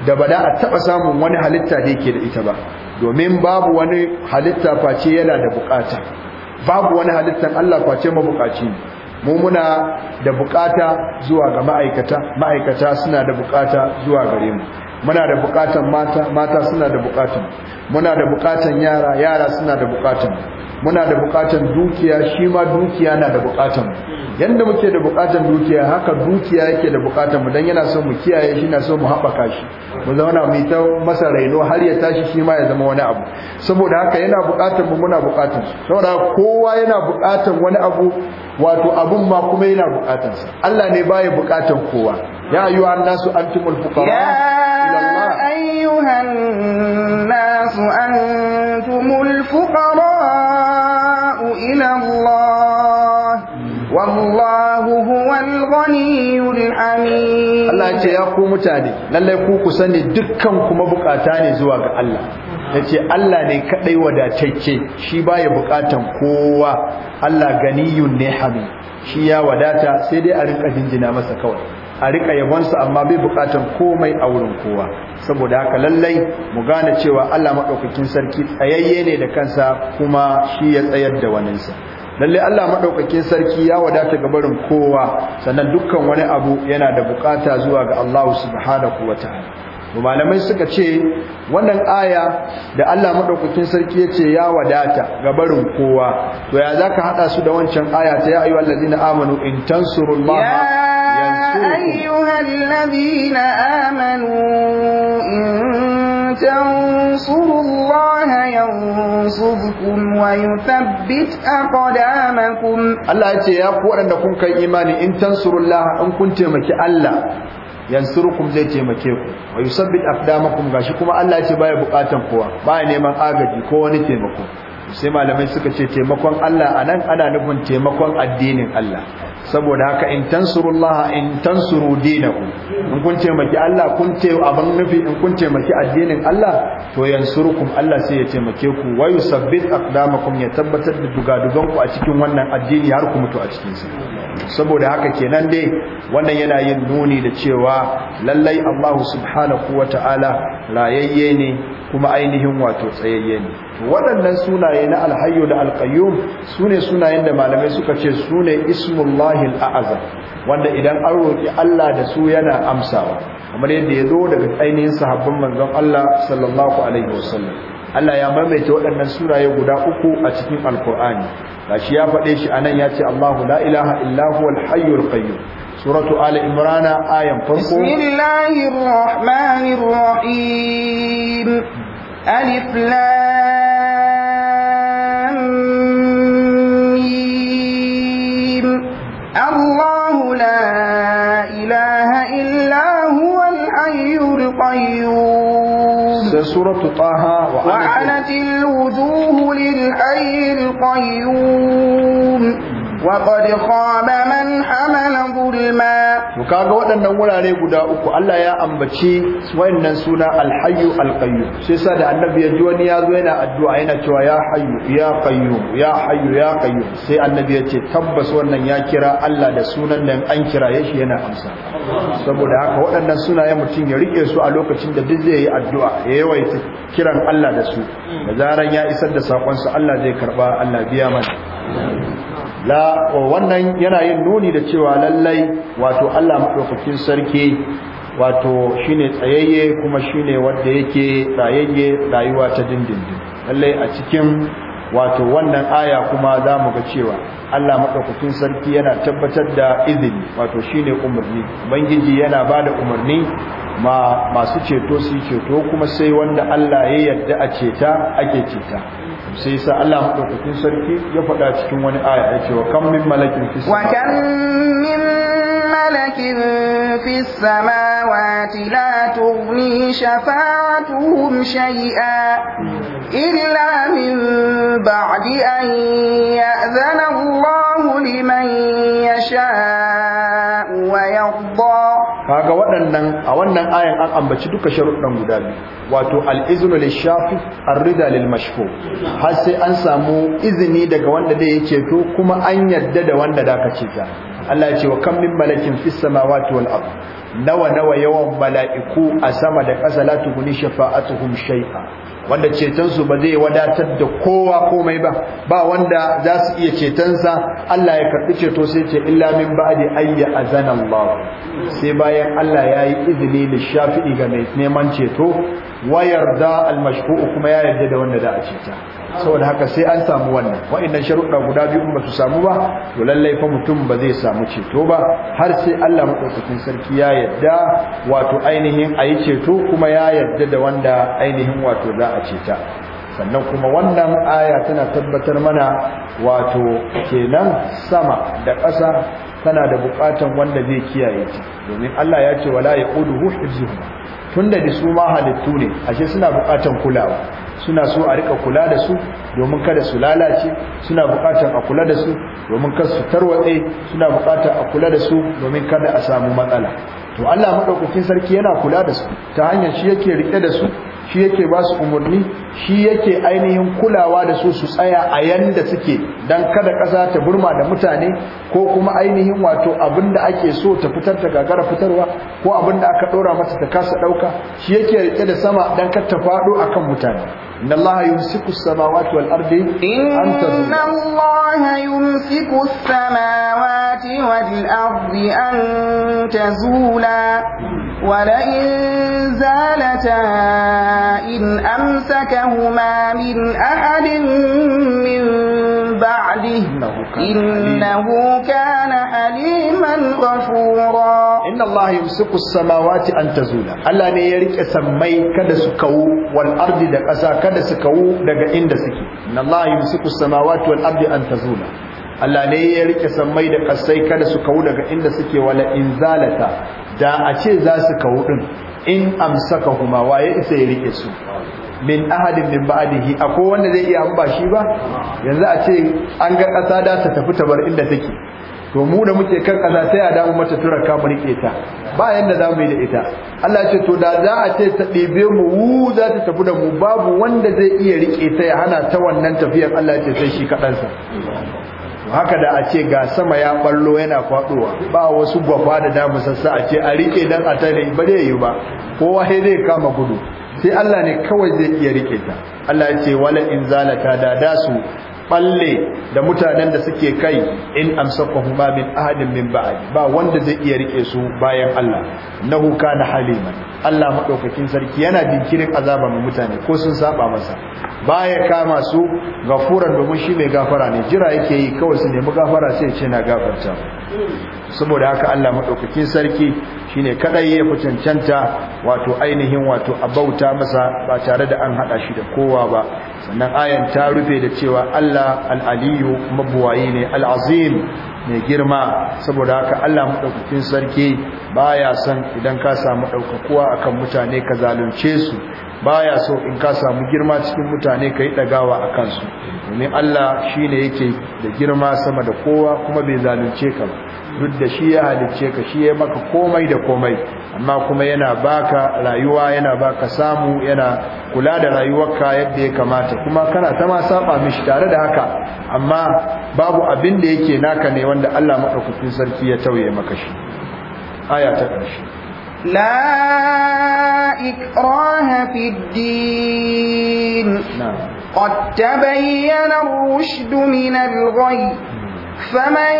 da ba da a taba samun wani halitta da yake da ita ba domin babu wani halitta face yana da bukata babu wani halittan Allah face mabukaci ne mu muna da bukata zuwa ga ma'aikata ma'aikata suna da bukata zuwa gare mu muna da bukatan mata mata suna da bukatan muna da bukatan yara yara suna da bukatan muna da bukatan dukiya shi ma dukiya na da bukatan yadda muke da bukatan dukiya haka dukiya yake da bukatan mu dan yana so mu kiyaye shi na so mu haɓaka shi mu zauna mu ta masa raino har ya tashi shi ma ya zama wani abu saboda haka yana bukatan mu muna bukatan saboda kowa yana bukatan wani abu wato abun ma kuma yana sa Allah ne baya bukatan kowa ya ayyuhan nasu antumul fuqara أيها الناس أنتم الفقراء إلى الله والله هو الغني الحميد الله يجي يقوم تاني لله يقوم سني دكم كما بقى تاني زواج الله yace Allah ne kadai wadatacce shi baya bukatan kowa Allah ganiyun ne habi shi ya wadata sai dai a rinka jinjina masa kawai a rika yabonsa amma bai bukatan komai a wurin kowa saboda haka lallai mu gane cewa Allah madaukakin sarki tsayayye ne da kansa kuma shi ya tsayar da waninsa Lallai Allah madaukakin sarki ya wadata ga barin kowa sannan dukkan wani abu yana da bukata zuwa ga Allah subhanahu wataala malamai suka ce wannan aya da Allah madaukakin sarki yace ya wadata ga barin kowa to ya zaka hada su da wancan aya ta ya ayyuhallazina amanu in tansurullaha أيها الذين آمنوا إن تنصروا ya ينصركم waɗanda kun الله imani in كإيمان إن in kun taimaki Allah, كألا rukun zai taimake ku wa yusabbit aqdamakum gashi kuma Allah ce baya bukatan kowa baya neman agaji ko wani taimako sai malamai suka ce taimakon Allah anan ana nufin taimakon addinin Allah saboda haka in tansurullaha in tansuru dinahu in kun taimaki Allah kun ce abin nufi in kun taimaki addinin Allah to yansurukum Allah sai ya taimake ku wa yusabbit aqdamakum ya tabbatar da dugadugan ku a cikin wannan addini har ku mutu a cikin sa saboda haka kenan dai wannan yana yin nuni da cewa lallai Allah subhanahu wataala layayye ne kuma ainihin wato tsayayye ne waɗannan sunaye na alhayyu da alqayyum sune sunayen da malamai suka ce sune ismullah Allahil a'azam wanda idan an roki Allah da su yana amsawa kamar yadda ya zo daga ainihin sahabban manzon Allah sallallahu alaihi wasallam Allah ya maimaita waɗannan suraye guda uku a cikin Alkur'ani gashi ya faɗe shi anan ya ce Allahu la ilaha illa huwal hayyul qayyum suratu ali imran ayan farko bismillahir rahmanir rahim alif lam الله لا إله إلا هو الحي القيوم سورة طه وعنت الوجوه للحي القيوم وقد خاب من حمل ظلما to kaga waɗannan wurare guda uku Allah ya ambaci wayannan suna al-hayyu al-qayyum sai sa da annabi ya ji wani ya zo yana addu'a yana cewa ya hayyu ya qayyum ya hayyu ya qayyum sai annabi ya ce tabbas wannan ya kira Allah da sunan nan an kira shi yana amsa saboda haka waɗannan sunaye mutum ya rike su a lokacin da duk zai yi addu'a ya yawaita kiran Allah da su da zaran ya isar da su Allah zai karba Allah biya mana la wannan yana yin nuni da cewa lallai wato Allah madaukakin sarki wato shine tsayayye kuma shine wanda yake tsayayye rayuwa ta dindindin lallai a cikin wato wannan aya kuma zamu ga cewa Allah maɗaukakin sarki yana tabbatar da izini wato shine umarni bangiji yana bada da umarni ma masu ceto su ceto kuma sai wanda Allah ya yarda a ceta ake ceta sai sa Allah madaukakin sarki ya faɗa cikin wani aya ya ce kam min malakin fis wa kam min malakin fis samawati la tughni shafa'atuhum shay'a إلا من بعد أن يأذن الله لمن يشاء arda kaga waɗannan a wannan ayan an ambaci duka sharuɗan guda biyu wato al-iznu lishafi ar-rida lil har sai an samu izini daga wanda da yake to kuma an yadda da wanda da ka ce ta Allah ya ce wa kam min malakin fis samawati wal ard nawa nawa yawan mala'iku a sama da ƙasa la tughni shafa'atuhum shay'a wanda cetonsu ba zai wadatar da kowa komai ba ba wanda za su iya cetonsa Allah ya karɓi ceto sai ce illa min ba'di ayya azana Allah sai bayan Allah ya yi izini da shafi'i ga mai neman ceto wayar da almashku kuma ya yarda da wanda da a ceta saboda haka sai an samu wannan wa'annan sharuɗa guda biyu ba su samu ba to lallai fa mutum ba zai samu ceto ba har sai Allah madaukakin sarki ya yadda wato ainihin ayi ceto kuma ya yadda da wanda ainihin wato za a ceta sannan kuma wannan aya tana tabbatar mana wato kenan sama da ƙasa tana da buƙatan wanda zai kiyaye ta domin Allah ya ce wala yaquduhu hifzuhuma Tun da su ma halittu ne ashe suna bukatan kulawa suna so a rika kula da su domin kada su lalace suna bukatan a kula da su domin kada su tarwatse suna bukatan a kula da su domin kada a samu matsala to Allah madaukakin sarki yana kula da su ta hanyar shi yake rike da su shi yake ba su umarni shi yake ainihin kulawa da su su tsaya a yanda suke don kada ƙasa ta burma da mutane ko kuma ainihin wato abinda ake so ta fitar ta gagara fitarwa ko abinda aka ɗora masa ta kasa ɗauka shi yake riƙe da sama don kar ta faɗo akan mutane إن الله يمسك السماوات والأرض إن الله يمسك السماوات والأرض أن تزولا ولئن زالتا إن أمسكهما من أحد من بعده إنه كان حليما غفورا إن الله يمسك السماوات أن تزولا ألا نيرك سمي كد سكو والأرض دك أسا كد سكو دك إند سكي إن الله يمسك السماوات والأرض أن تزولا Allah ne ya rike sammai da kasai kada su kawo daga inda suke wala in zalata da a ce za su kawo din in amsaka huma waye isa ya rike su min ahadin min ba'dihi ako wanda zai iya ba shi ba yanzu a ce an ga kasa da ta tafi ta inda take to mu da muke kan kasa sai a damu mata tura mu rike ta ba yanda za mu yi da ita Allah ya ce to da za a ce ta ɗebe mu wu za ta tafi da mu babu wanda zai iya rike ta ya hana ta wannan tafiyar Allah ya ce sai shi kaɗansa haka da a ce ga sama ya ballo yana faɗowa ba wasu gwafa da damu sassa a ce a rike dan a tare ba zai yi ba kowa wahai zai kama gudu sai Allah ne kawai zai iya rike ta Allah ya ce wala in zalata da su balle da mutanen da suke kai in amsakuhum ba min ahadin min ba'd ba wanda zai iya rike su bayan Allah nahu kana haliman Allah madaukakin sarki yana dinkirin azaba mu mutane ko sun saba masa baya kama su gafuran domin shi mai gafara ne jira yake yi kawai su nemi gafara sai ya ce na gafarta saboda haka Allah madaukakin sarki shine kadai ya fi cancanta wato ainihin wato abauta masa ba tare da an haɗa shi da kowa ba sannan ayan ta rufe da cewa Allah al-aliyu mabuwayi ne al-azim mai girma saboda haka Allah maɗaukakin sarki ba ya son idan ka samu daukakuwa akan mutane ka zalunce su ba ya so in ka samu girma cikin mutane ka yi ɗagawa a kansu domin Allah shi ne yake da girma sama da kowa kuma bai zalunce ka ba duk da shi ya halicce ka shi ya maka komai da komai amma kuma yana baka rayuwa yana baka samu yana kula da rayuwarka yadda ya kamata kuma kana ta ma saba mishi tare da haka amma babu abin da yake naka ne wanda Allah madaukakin sarki ya tauye maka shi aya ta karshe la ikraha fid din qad tabayyana ar min al-ghayb فمن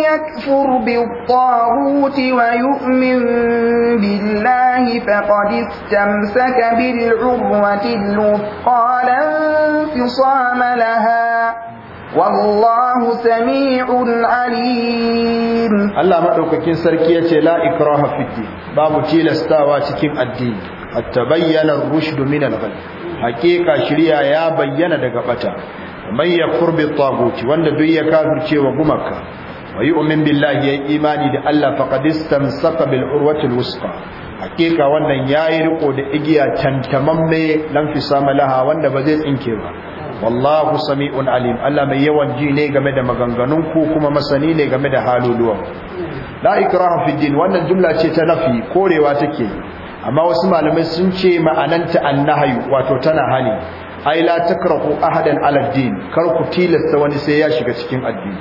يكفر بالطاغوت ويؤمن بالله فقد استمسك بالعروة الوثقى لا انفصام لها والله سميع عليم الله مدوكين سركي يace لا اكراه في الدين باب تيلاستاوا cikin الدين. التبين الرشد من الغل حقيقه شريعه يا بينه daga mai ya furbe taguti wanda duk ya kafirce wa gumaka wa yu'min billahi ya imani da Allah faqad istamsaka bil urwati hakika wannan yayi riko da igiya tantamamme lam fi laha wanda ba zai tsinke ba wallahu sami'un alim Allah mai yawan ji ne game da maganganun ku kuma masani ne game da haluluwa la ikraha fi din wannan jumla ce ta nafi korewa take amma wasu malamai sun ce ma'ananta annahayu wato tana hali. ai la takrahu ahadan ala din kar ku tilasta wani sai ya shiga cikin addini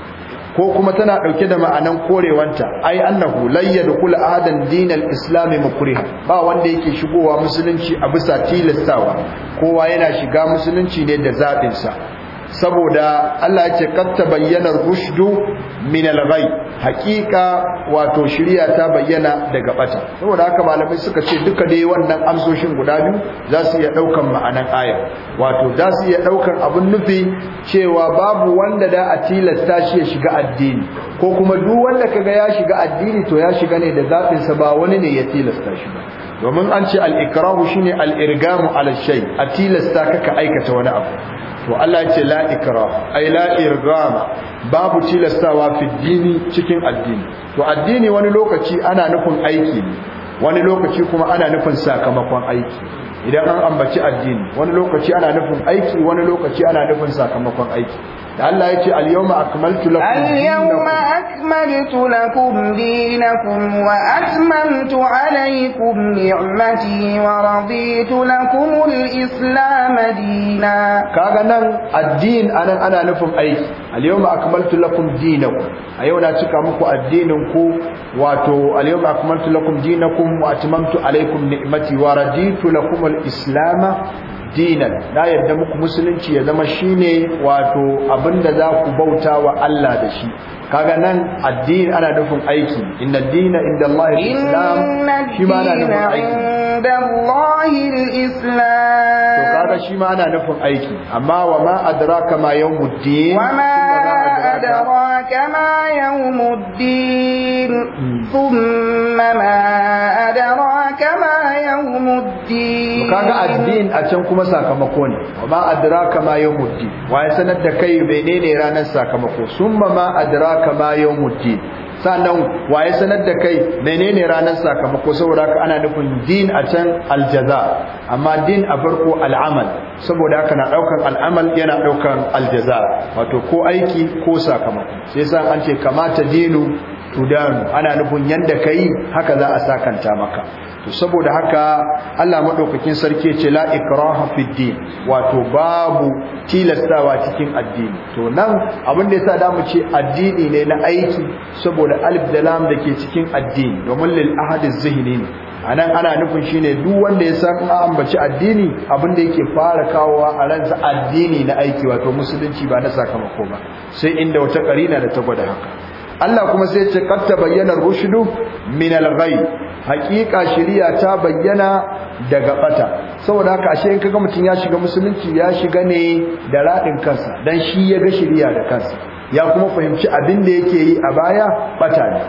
ko kuma tana dauke da ma'anan korewanta ai annahu la yadkhul ahadan din alislam mukriha ba wanda yake shigowa musulunci a bisa tilastawa kowa yana shiga musulunci ne da zabin sa saboda Allah ya ce katta bayyanar rushdu min al-ghay hakika wato shiriya ta bayyana daga bata saboda haka malamai suka ce duka dai wannan amsoshin guda biyu za su iya daukan ma'anan aya wato za su iya daukan abun nufi cewa babu wanda da a tilasta shi ya shiga addini ko kuma duk wanda kaga ya shiga addini to ya shiga ne da zafin sa ba wani ne ya tilasta shi ba domin an ce al-ikrahu shine al-irgamu ala shay a tilasta kaka aikata wani abu to Allah ce la ai la babu tilastawa fi dini cikin addini to addini wani lokaci ana nufin aiki wani lokaci kuma ana nufin sakamakon aiki idan an ambaci addini wani lokaci ana nufin aiki wani lokaci ana nufin sakamakon aiki da Allah ya ce al-yawma akmaltu lakum al-yawma akmaltu lakum dinakum wa atmamtu alaykum ni'mati wa raditu lakum al-islam dina kaga nan addin anan ana nufin aiki al-yawma akmaltu lakum dinakum a yau na cika muku addinin ku wato al-yawma akmaltu lakum dinakum wa atmamtu alaykum ni'mati wa raditu lakum al-islam dinan na yadda muku musulunci ya zama shi ne wato abinda za ku bauta wa Allah da shi kaga nan addini ana nufin aiki inna dina inda Allah islam shi ma ana nufin aiki inda Allah islam to kaga shi ma ana nufin aiki amma wa ma adraka ma yawmuddin wa ma أدراك ما يوم الدين ثم ما أدراك ما يوم الدين kaga addin a can kuma sakamako ne ma adraka ma yawmuddin wa ya sanar da kai menene ranar sakamako Suma ma adraka ma sannan waye sanar da kai menene ranar sakamako saboda haka ana nufin din a can aljaza amma din a farko al'amal saboda haka na daukan al'amal yana daukan aljaza wato ko aiki ko sakamako sai yasa an ce kamata dinu tudanu ana nufin yanda kai haka za a sakanta maka to saboda haka Allah madaukakin sarki ce la ikraha fid din wato babu tilastawa cikin addini to nan abin da yasa damu ce addini ne na aiki saboda alif da lam dake cikin addini domin lil ahadiz zihni ne anan ana nufin shine duk wanda ya san an ambaci addini abin da yake fara kawowa a ransa addini na aiki wato musulunci ba na sakamako ba sai inda wata karina da ta gwada haka Allah kuma sai ce qad bayyana rushdu min al ghayb haqiqa shari'a ta bayyana daga bata saboda haka ashe in kaga mutun ya shiga musulunci ya shiga ne da radin kansa dan shi ya ga shari'a da kansa ya kuma fahimci abin da yake yi a baya bata ne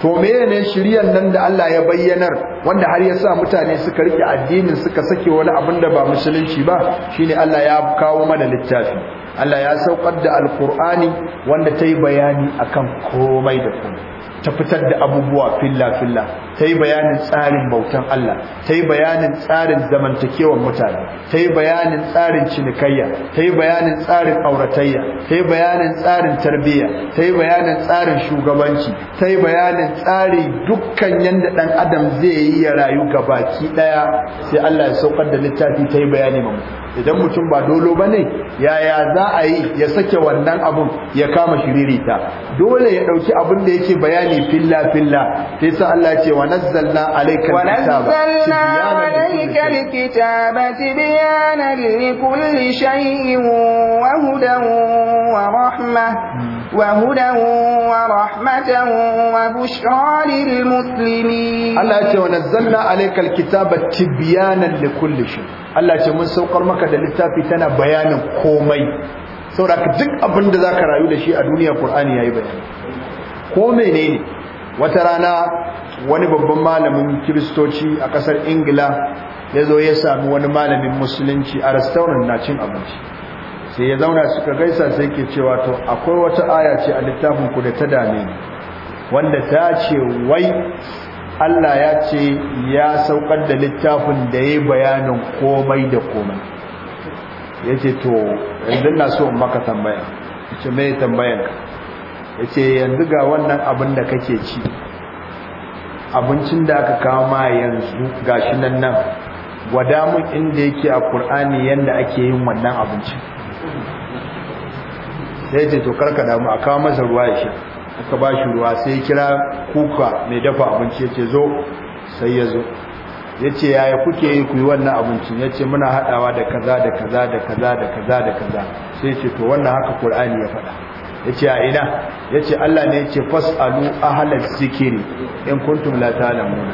to menene shiryan nan da Allah ya bayyanar wanda har ya sa mutane suka rike addinin suka sake wani abin da ba musulunci ba shine Allah ya kawo mana littafi Allah ya saukar da alkur'ani wanda ta yi bayani akan komai da komai ta fitar da abubuwa filla filla ta yi bayanin tsarin bautan Allah ta yi bayanin tsarin zamantakewar mutane ta yi bayanin tsarin cinikayya ta yi bayanin tsarin auratayya ta yi bayanin tsarin tarbiyya ta yi bayanin tsarin shugabanci ta yi bayanin tsari dukkan yadda ɗan adam zai yi ya rayu gabaki ɗaya sai Allah ya saukar da littafi ta yi bayani ma idan mutum ba dolo ba ne yaya za a yi ya sake wannan abun ya kama shiririta dole ya ɗauki abin da yake bayani filla filla sai sa Allah ce wa ونزلنا عليك الكتاب ونزلنا عليك الكتاب تبيانا لكل شيء وهدى ورحمة وهدى ورحمة وبشرى للمسلمين الله يتي ونزلنا عليك الكتاب تبيانا لكل شيء الله يتي من سوقر مكة للتابي تنا بيانا كومي saboda duk abin da za ka rayu da shi a duniya ƙur'ani ya yi bayani ko menene wata rana wani babban malamin kiristoci a kasar ingila ya zo ya sami wani malamin musulunci a restaurant na cin abinci sai ya zauna suka gaisa sai ke cewa to akwai wata aya ce a littafin ku da ta dame wanda ta ce wai Allah ya ce ya saukar da littafin da ya bayanin komai da komai ya ce to yanzu na so maka tambaya ya ce mai tambayanka ya ce yanzu ga wannan abin da kake ci abincin da aka kawo ma yanzu gashi nan nan gwada mun inda yake a Qur'ani yanda ake yin wannan abincin sai ce to karka damu a kawo masa ruwa ya sha aka ba shi ruwa sai kira kuka mai dafa abinci ya ce zo sai ya zo ya ce yaya kuke yi ku yi wannan abincin ya ce muna haɗawa da kaza da kaza da kaza da kaza da kaza sai ce to wannan haka ƙur'ani ya faɗa yace a ina yace Allah ne ya yace fasalu ahlal zikiri in kuntum la ta'lamun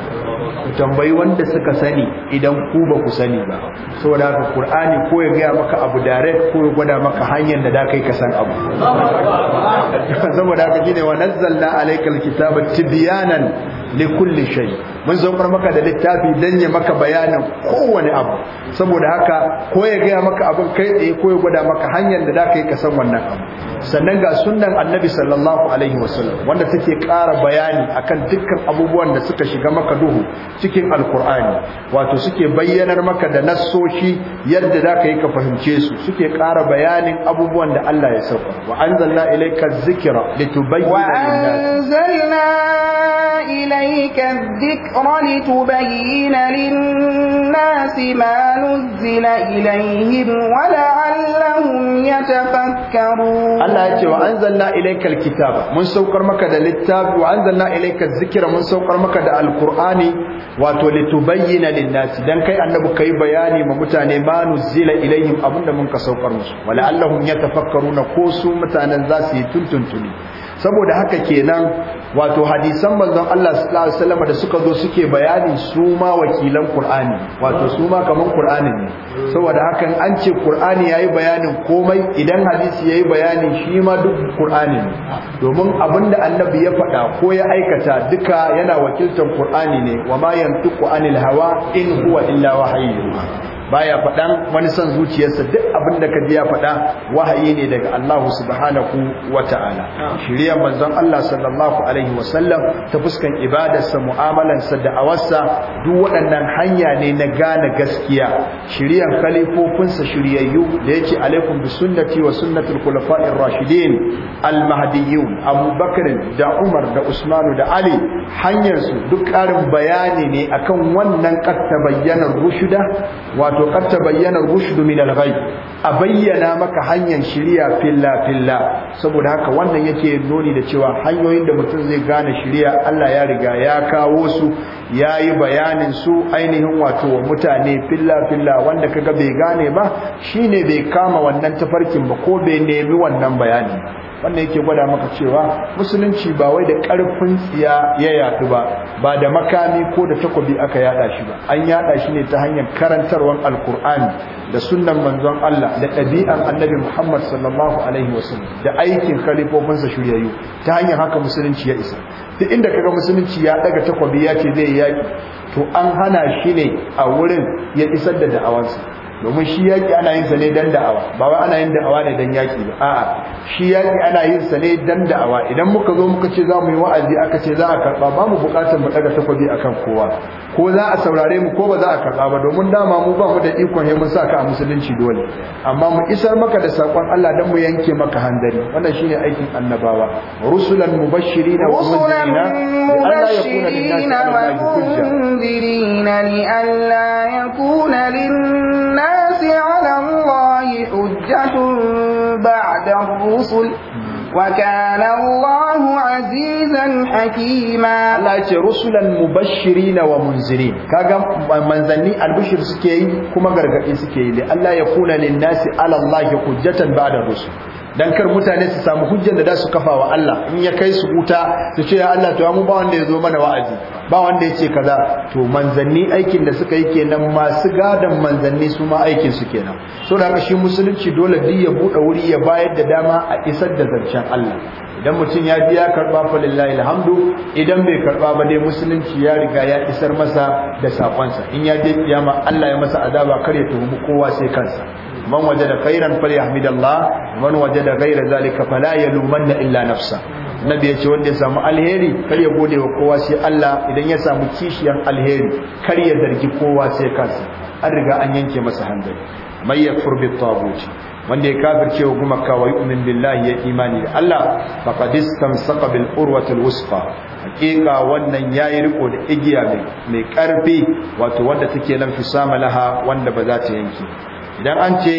ku tambayi wanda suka sani idan ku ba ku sani ba saboda haka Qur'ani ko ya gaya maka abu direct ko ya gwada maka hanyar da da kai ka san abu saboda haka gine wa nazzalna alaykal kitaba tibyanan likulli shay mun zaukar maka da littafi dan ya maka bayanin kowane abu saboda haka ko ya gaya maka abin kai tsaye ko ya gwada maka hanyar da zaka yi ka san wannan abu sannan ga sunnan annabi sallallahu alaihi wasallam wanda take ƙara bayani akan dukkan abubuwan da suka shiga maka duhu cikin alkur'ani wato suke bayyanar maka da nassoshi yadda zaka yi ka fahimce su suke ƙara bayanin abubuwan da Allah ya sauka wa anzalna ilayka zikira litubayyana lin-nas wa anzalna ilayka الذكر لتبين للناس ما نزل إليهم ولعلهم يتفكرون الله يتي وأنزلنا إليك الكتاب من سوكر مكة للتاب وأنزلنا إليك الذكر من سوكر مكة القرآن wato litubayyana linnasi dan kai annabi kayi bayani ma mutane ma nuzila ilaihim abinda mun ka saukar musu wala allahum yatafakkaruna ko su mutanen za su yi tuntuntuni saboda haka kenan wato hadisan manzon Allah sallallahu alaihi wasallam da suka zo suke bayani su ma wakilan Qur'ani wato su ma kaman Qur'ani ne saboda hakan an ce Qur'ani yayi bayanin komai idan hadisi yayi bayani shi ma duk Qur'ani ne domin abinda annabi ya faɗa ko ya aikata duka yana wakiltar Qur'ani ne wa ma yantiqu anil hawa in huwa illa wahyi baya faɗan wani son zuciyarsa duk abin da ji ya faɗa wahayi ne daga Allah subhanahu wata'ala shiriyar manzon Allah sallallahu alaihi wasallam ta fuskan ibadarsa mu'amalarsa da awarsa duk waɗannan hanya ne na gane gaskiya shiriyar khalifofinsa shiryayyu da yake alaikum bi sunnati wa sunnatul khulafa'ir rashidin al mahdiyyun abubakar da umar da usman da ali hanyar su duk ƙarin bayani ne akan wannan kattabayyanar rushuda wato wato ta bayyana rushdu min al ghayb a bayyana maka hanyar shiriya filla filla saboda haka wannan yake nuni da cewa hanyoyin da mutum zai gane shiriya Allah ya riga ya kawo su yayi bayanin su ainihin wato wa mutane filla filla wanda kaga bai gane ba shine bai kama wannan tafarkin ba ko bai nemi wannan bayani wannan yake gwada maka cewa musulunci ba wai da karfin tsiya ya yafi ba ba da makami ko da takobi aka yada shi ba an yada shi ne ta hanyar karantarwar alkur'ani da sunan manzon Allah da ɗabi'an annabi Muhammad sallallahu alaihi wasallam da aikin sa shiryayyu ta hanyar haka musulunci ya isa duk inda kaga musulunci ya daga takobi ya ce zai yaki to an hana shi ne a wurin ya isar da da'awansa domin shi yaki ana yin sa ne dan da'awa ba wai ana yin da'awa ne dan yaki ba a'a shi yaki ana yin sa ne dan da'awa idan muka zo muka ce za mu yi wa'azi aka ce za a karba ba mu bukatar mu daga takobi akan kowa ko za a saurare mu ko ba za a karba ba domin dama mu ba mu da ikon he mun sa ka a musulunci dole amma mu isar maka da sakon Allah dan mu yanke maka hanzari wannan shine aikin annabawa rusulan mubashirina wa munzirina li alla yakuna lin على الله حجة بعد الرسل وكان الله عزيزا حكيما لا رسلا مبشرين ومنذرين كاغا منزلي البشر سكي كما غرغدي سكي لله يكون للناس على الله حجة بعد الرسل dan kar mutane su samu hujjar da za su kafa wa Allah in ya kai su wuta su ce ya Allah to mu ba wanda ya zo mana wa'azi ba wanda ya ce kaza to manzanni aikin da suka yi kenan masu gadan manzanni su ma aikin su kenan so da musulunci dole duk ya bude wuri ya bayar da dama a isar da zancen Allah idan mutum ya biya karba fa lillahi alhamdu idan bai karba ba dai musulunci ya riga ya isar masa da sakonsa in ya je kiyama Allah ya masa azaba kar ya tuhumi kowa sai kansa man wajada khairan falyahmidallah man wajada ghayra ya luman na illa nafsa nabi ce wanda ya samu alheri kar ya gode wa kowa sai Allah idan ya samu kishiyan alheri kar ya zargi kowa sai kansa an riga an yanke masa hanzari mai yakfur bit taguti wanda ya kafirce wa kuma kawai yu'min billahi ya imani da Allah faqad istamsaka bil urwatil wusfa hakika wannan yayi riko da igiya mai karfi wato wanda take lan fisama laha wanda ba za ta yanke idan an ce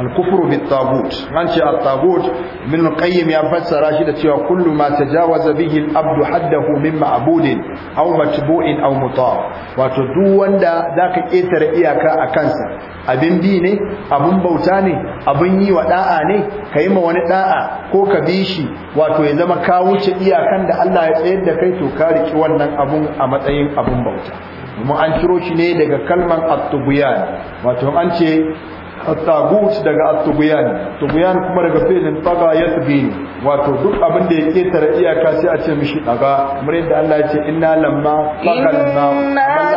al-kufru bit-tagut an ce at-tagut min al-qayyim ya fassara shi da cewa kullu ma tajawaza bihi al-abdu haddahu min ma'budin aw matbu'in aw muta' wato duk wanda zaka ketare iyaka a kansa abin bi ne abin bauta ne abin yi wa da'a ne kai ma wani da'a ko ka bi shi wato ya zama ka wuce iyakan da Allah ya tsayar da kai to ka riki wannan abun a matsayin abin bauta kuma an ciro shi ne daga kalman at wato an ce at daga at-tughyan kuma daga fi'lin taga tubini wato duk abin da ya ketare iyaka sai a ce mishi daga kamar yadda Allah ya ce inna lamma faqalna ma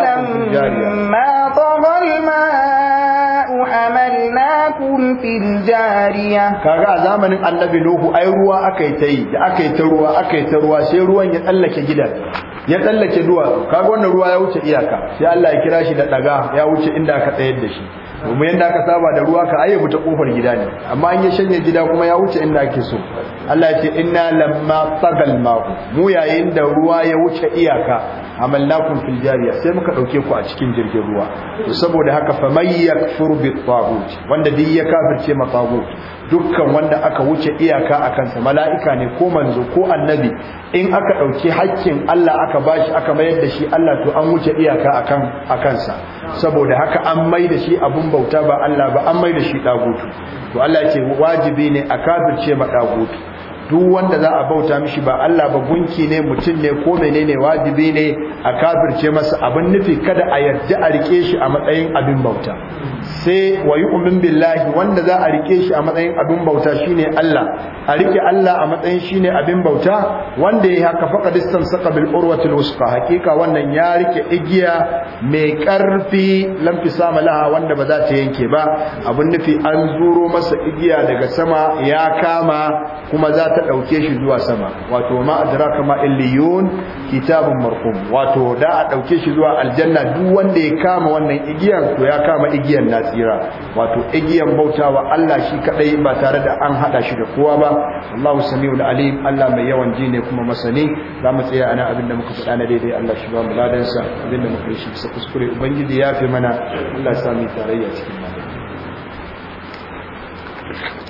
lamma tagal ma fil jariya kaga a zamanin annabi ai ruwa akai tai da akai ta ruwa akai ta ruwa sai ruwan ya tsallake gidan ya tsallake duwa kaga wannan ruwa ya wuce iyaka sai Allah ya kira shi da daga ya wuce inda aka tsayar da shi domin yadda aka saba da ruwa ka ayyabu ta kofar gida ne amma an ya shanye gida kuma ya wuce inda ake so Allah ya ce inna lamma tagal ma'u mu yayin da ruwa ya wuce iyaka hamalnakum fil jariya sai muka dauke ku a cikin jirgin ruwa to saboda haka fa yakfur bit tagut wanda duk ya kafirce ma tagut dukkan wanda aka wuce iyaka akan sa mala'ika ne ko manzo ko annabi in aka dauke haƙƙin Allah aka bashi aka mayar da shi Allah to an wuce iyaka akan akan sa saboda haka an mai da shi abun bauta ba Allah ba an mai da shi dagutu to Allah ya ce wajibi ne a kafirce ma dagutu duk wanda za a bauta mishi ba Allah ba gunki ne mutum ne ko menene wajibi ne a kafirce masa abin nufi kada a yarda a rike shi a matsayin abin bauta sai wa yu'min billahi wanda za a rike shi a matsayin abin bauta shine Allah a rike Allah a matsayin shine abin bauta wanda yayi haka faqad istamsaka bil urwatil wusqa hakika wannan ya rike igiya mai karfi lam sama laha wanda ba za ta yanke ba abin nufi an zuro masa igiya daga sama ya kama kuma za ta ɗauke shi zuwa sama wato ma adraka ma illiyun kitabun wato da a ɗauke shi zuwa aljanna duk wanda ya kama wannan igiyar to ya kama igiyar nasira wato igiyar bautawa Allah shi kadai ba tare da an hada shi da kowa ba Allahu samiul alim Allah mai yawan ji ne kuma masani za mu tsaya ana da muka faɗa na daidai Allah shi ba mu ladan sa abinda muka yi shi bisa kuskure ubangiji ya fi mana Allah sami tarayya cikin nan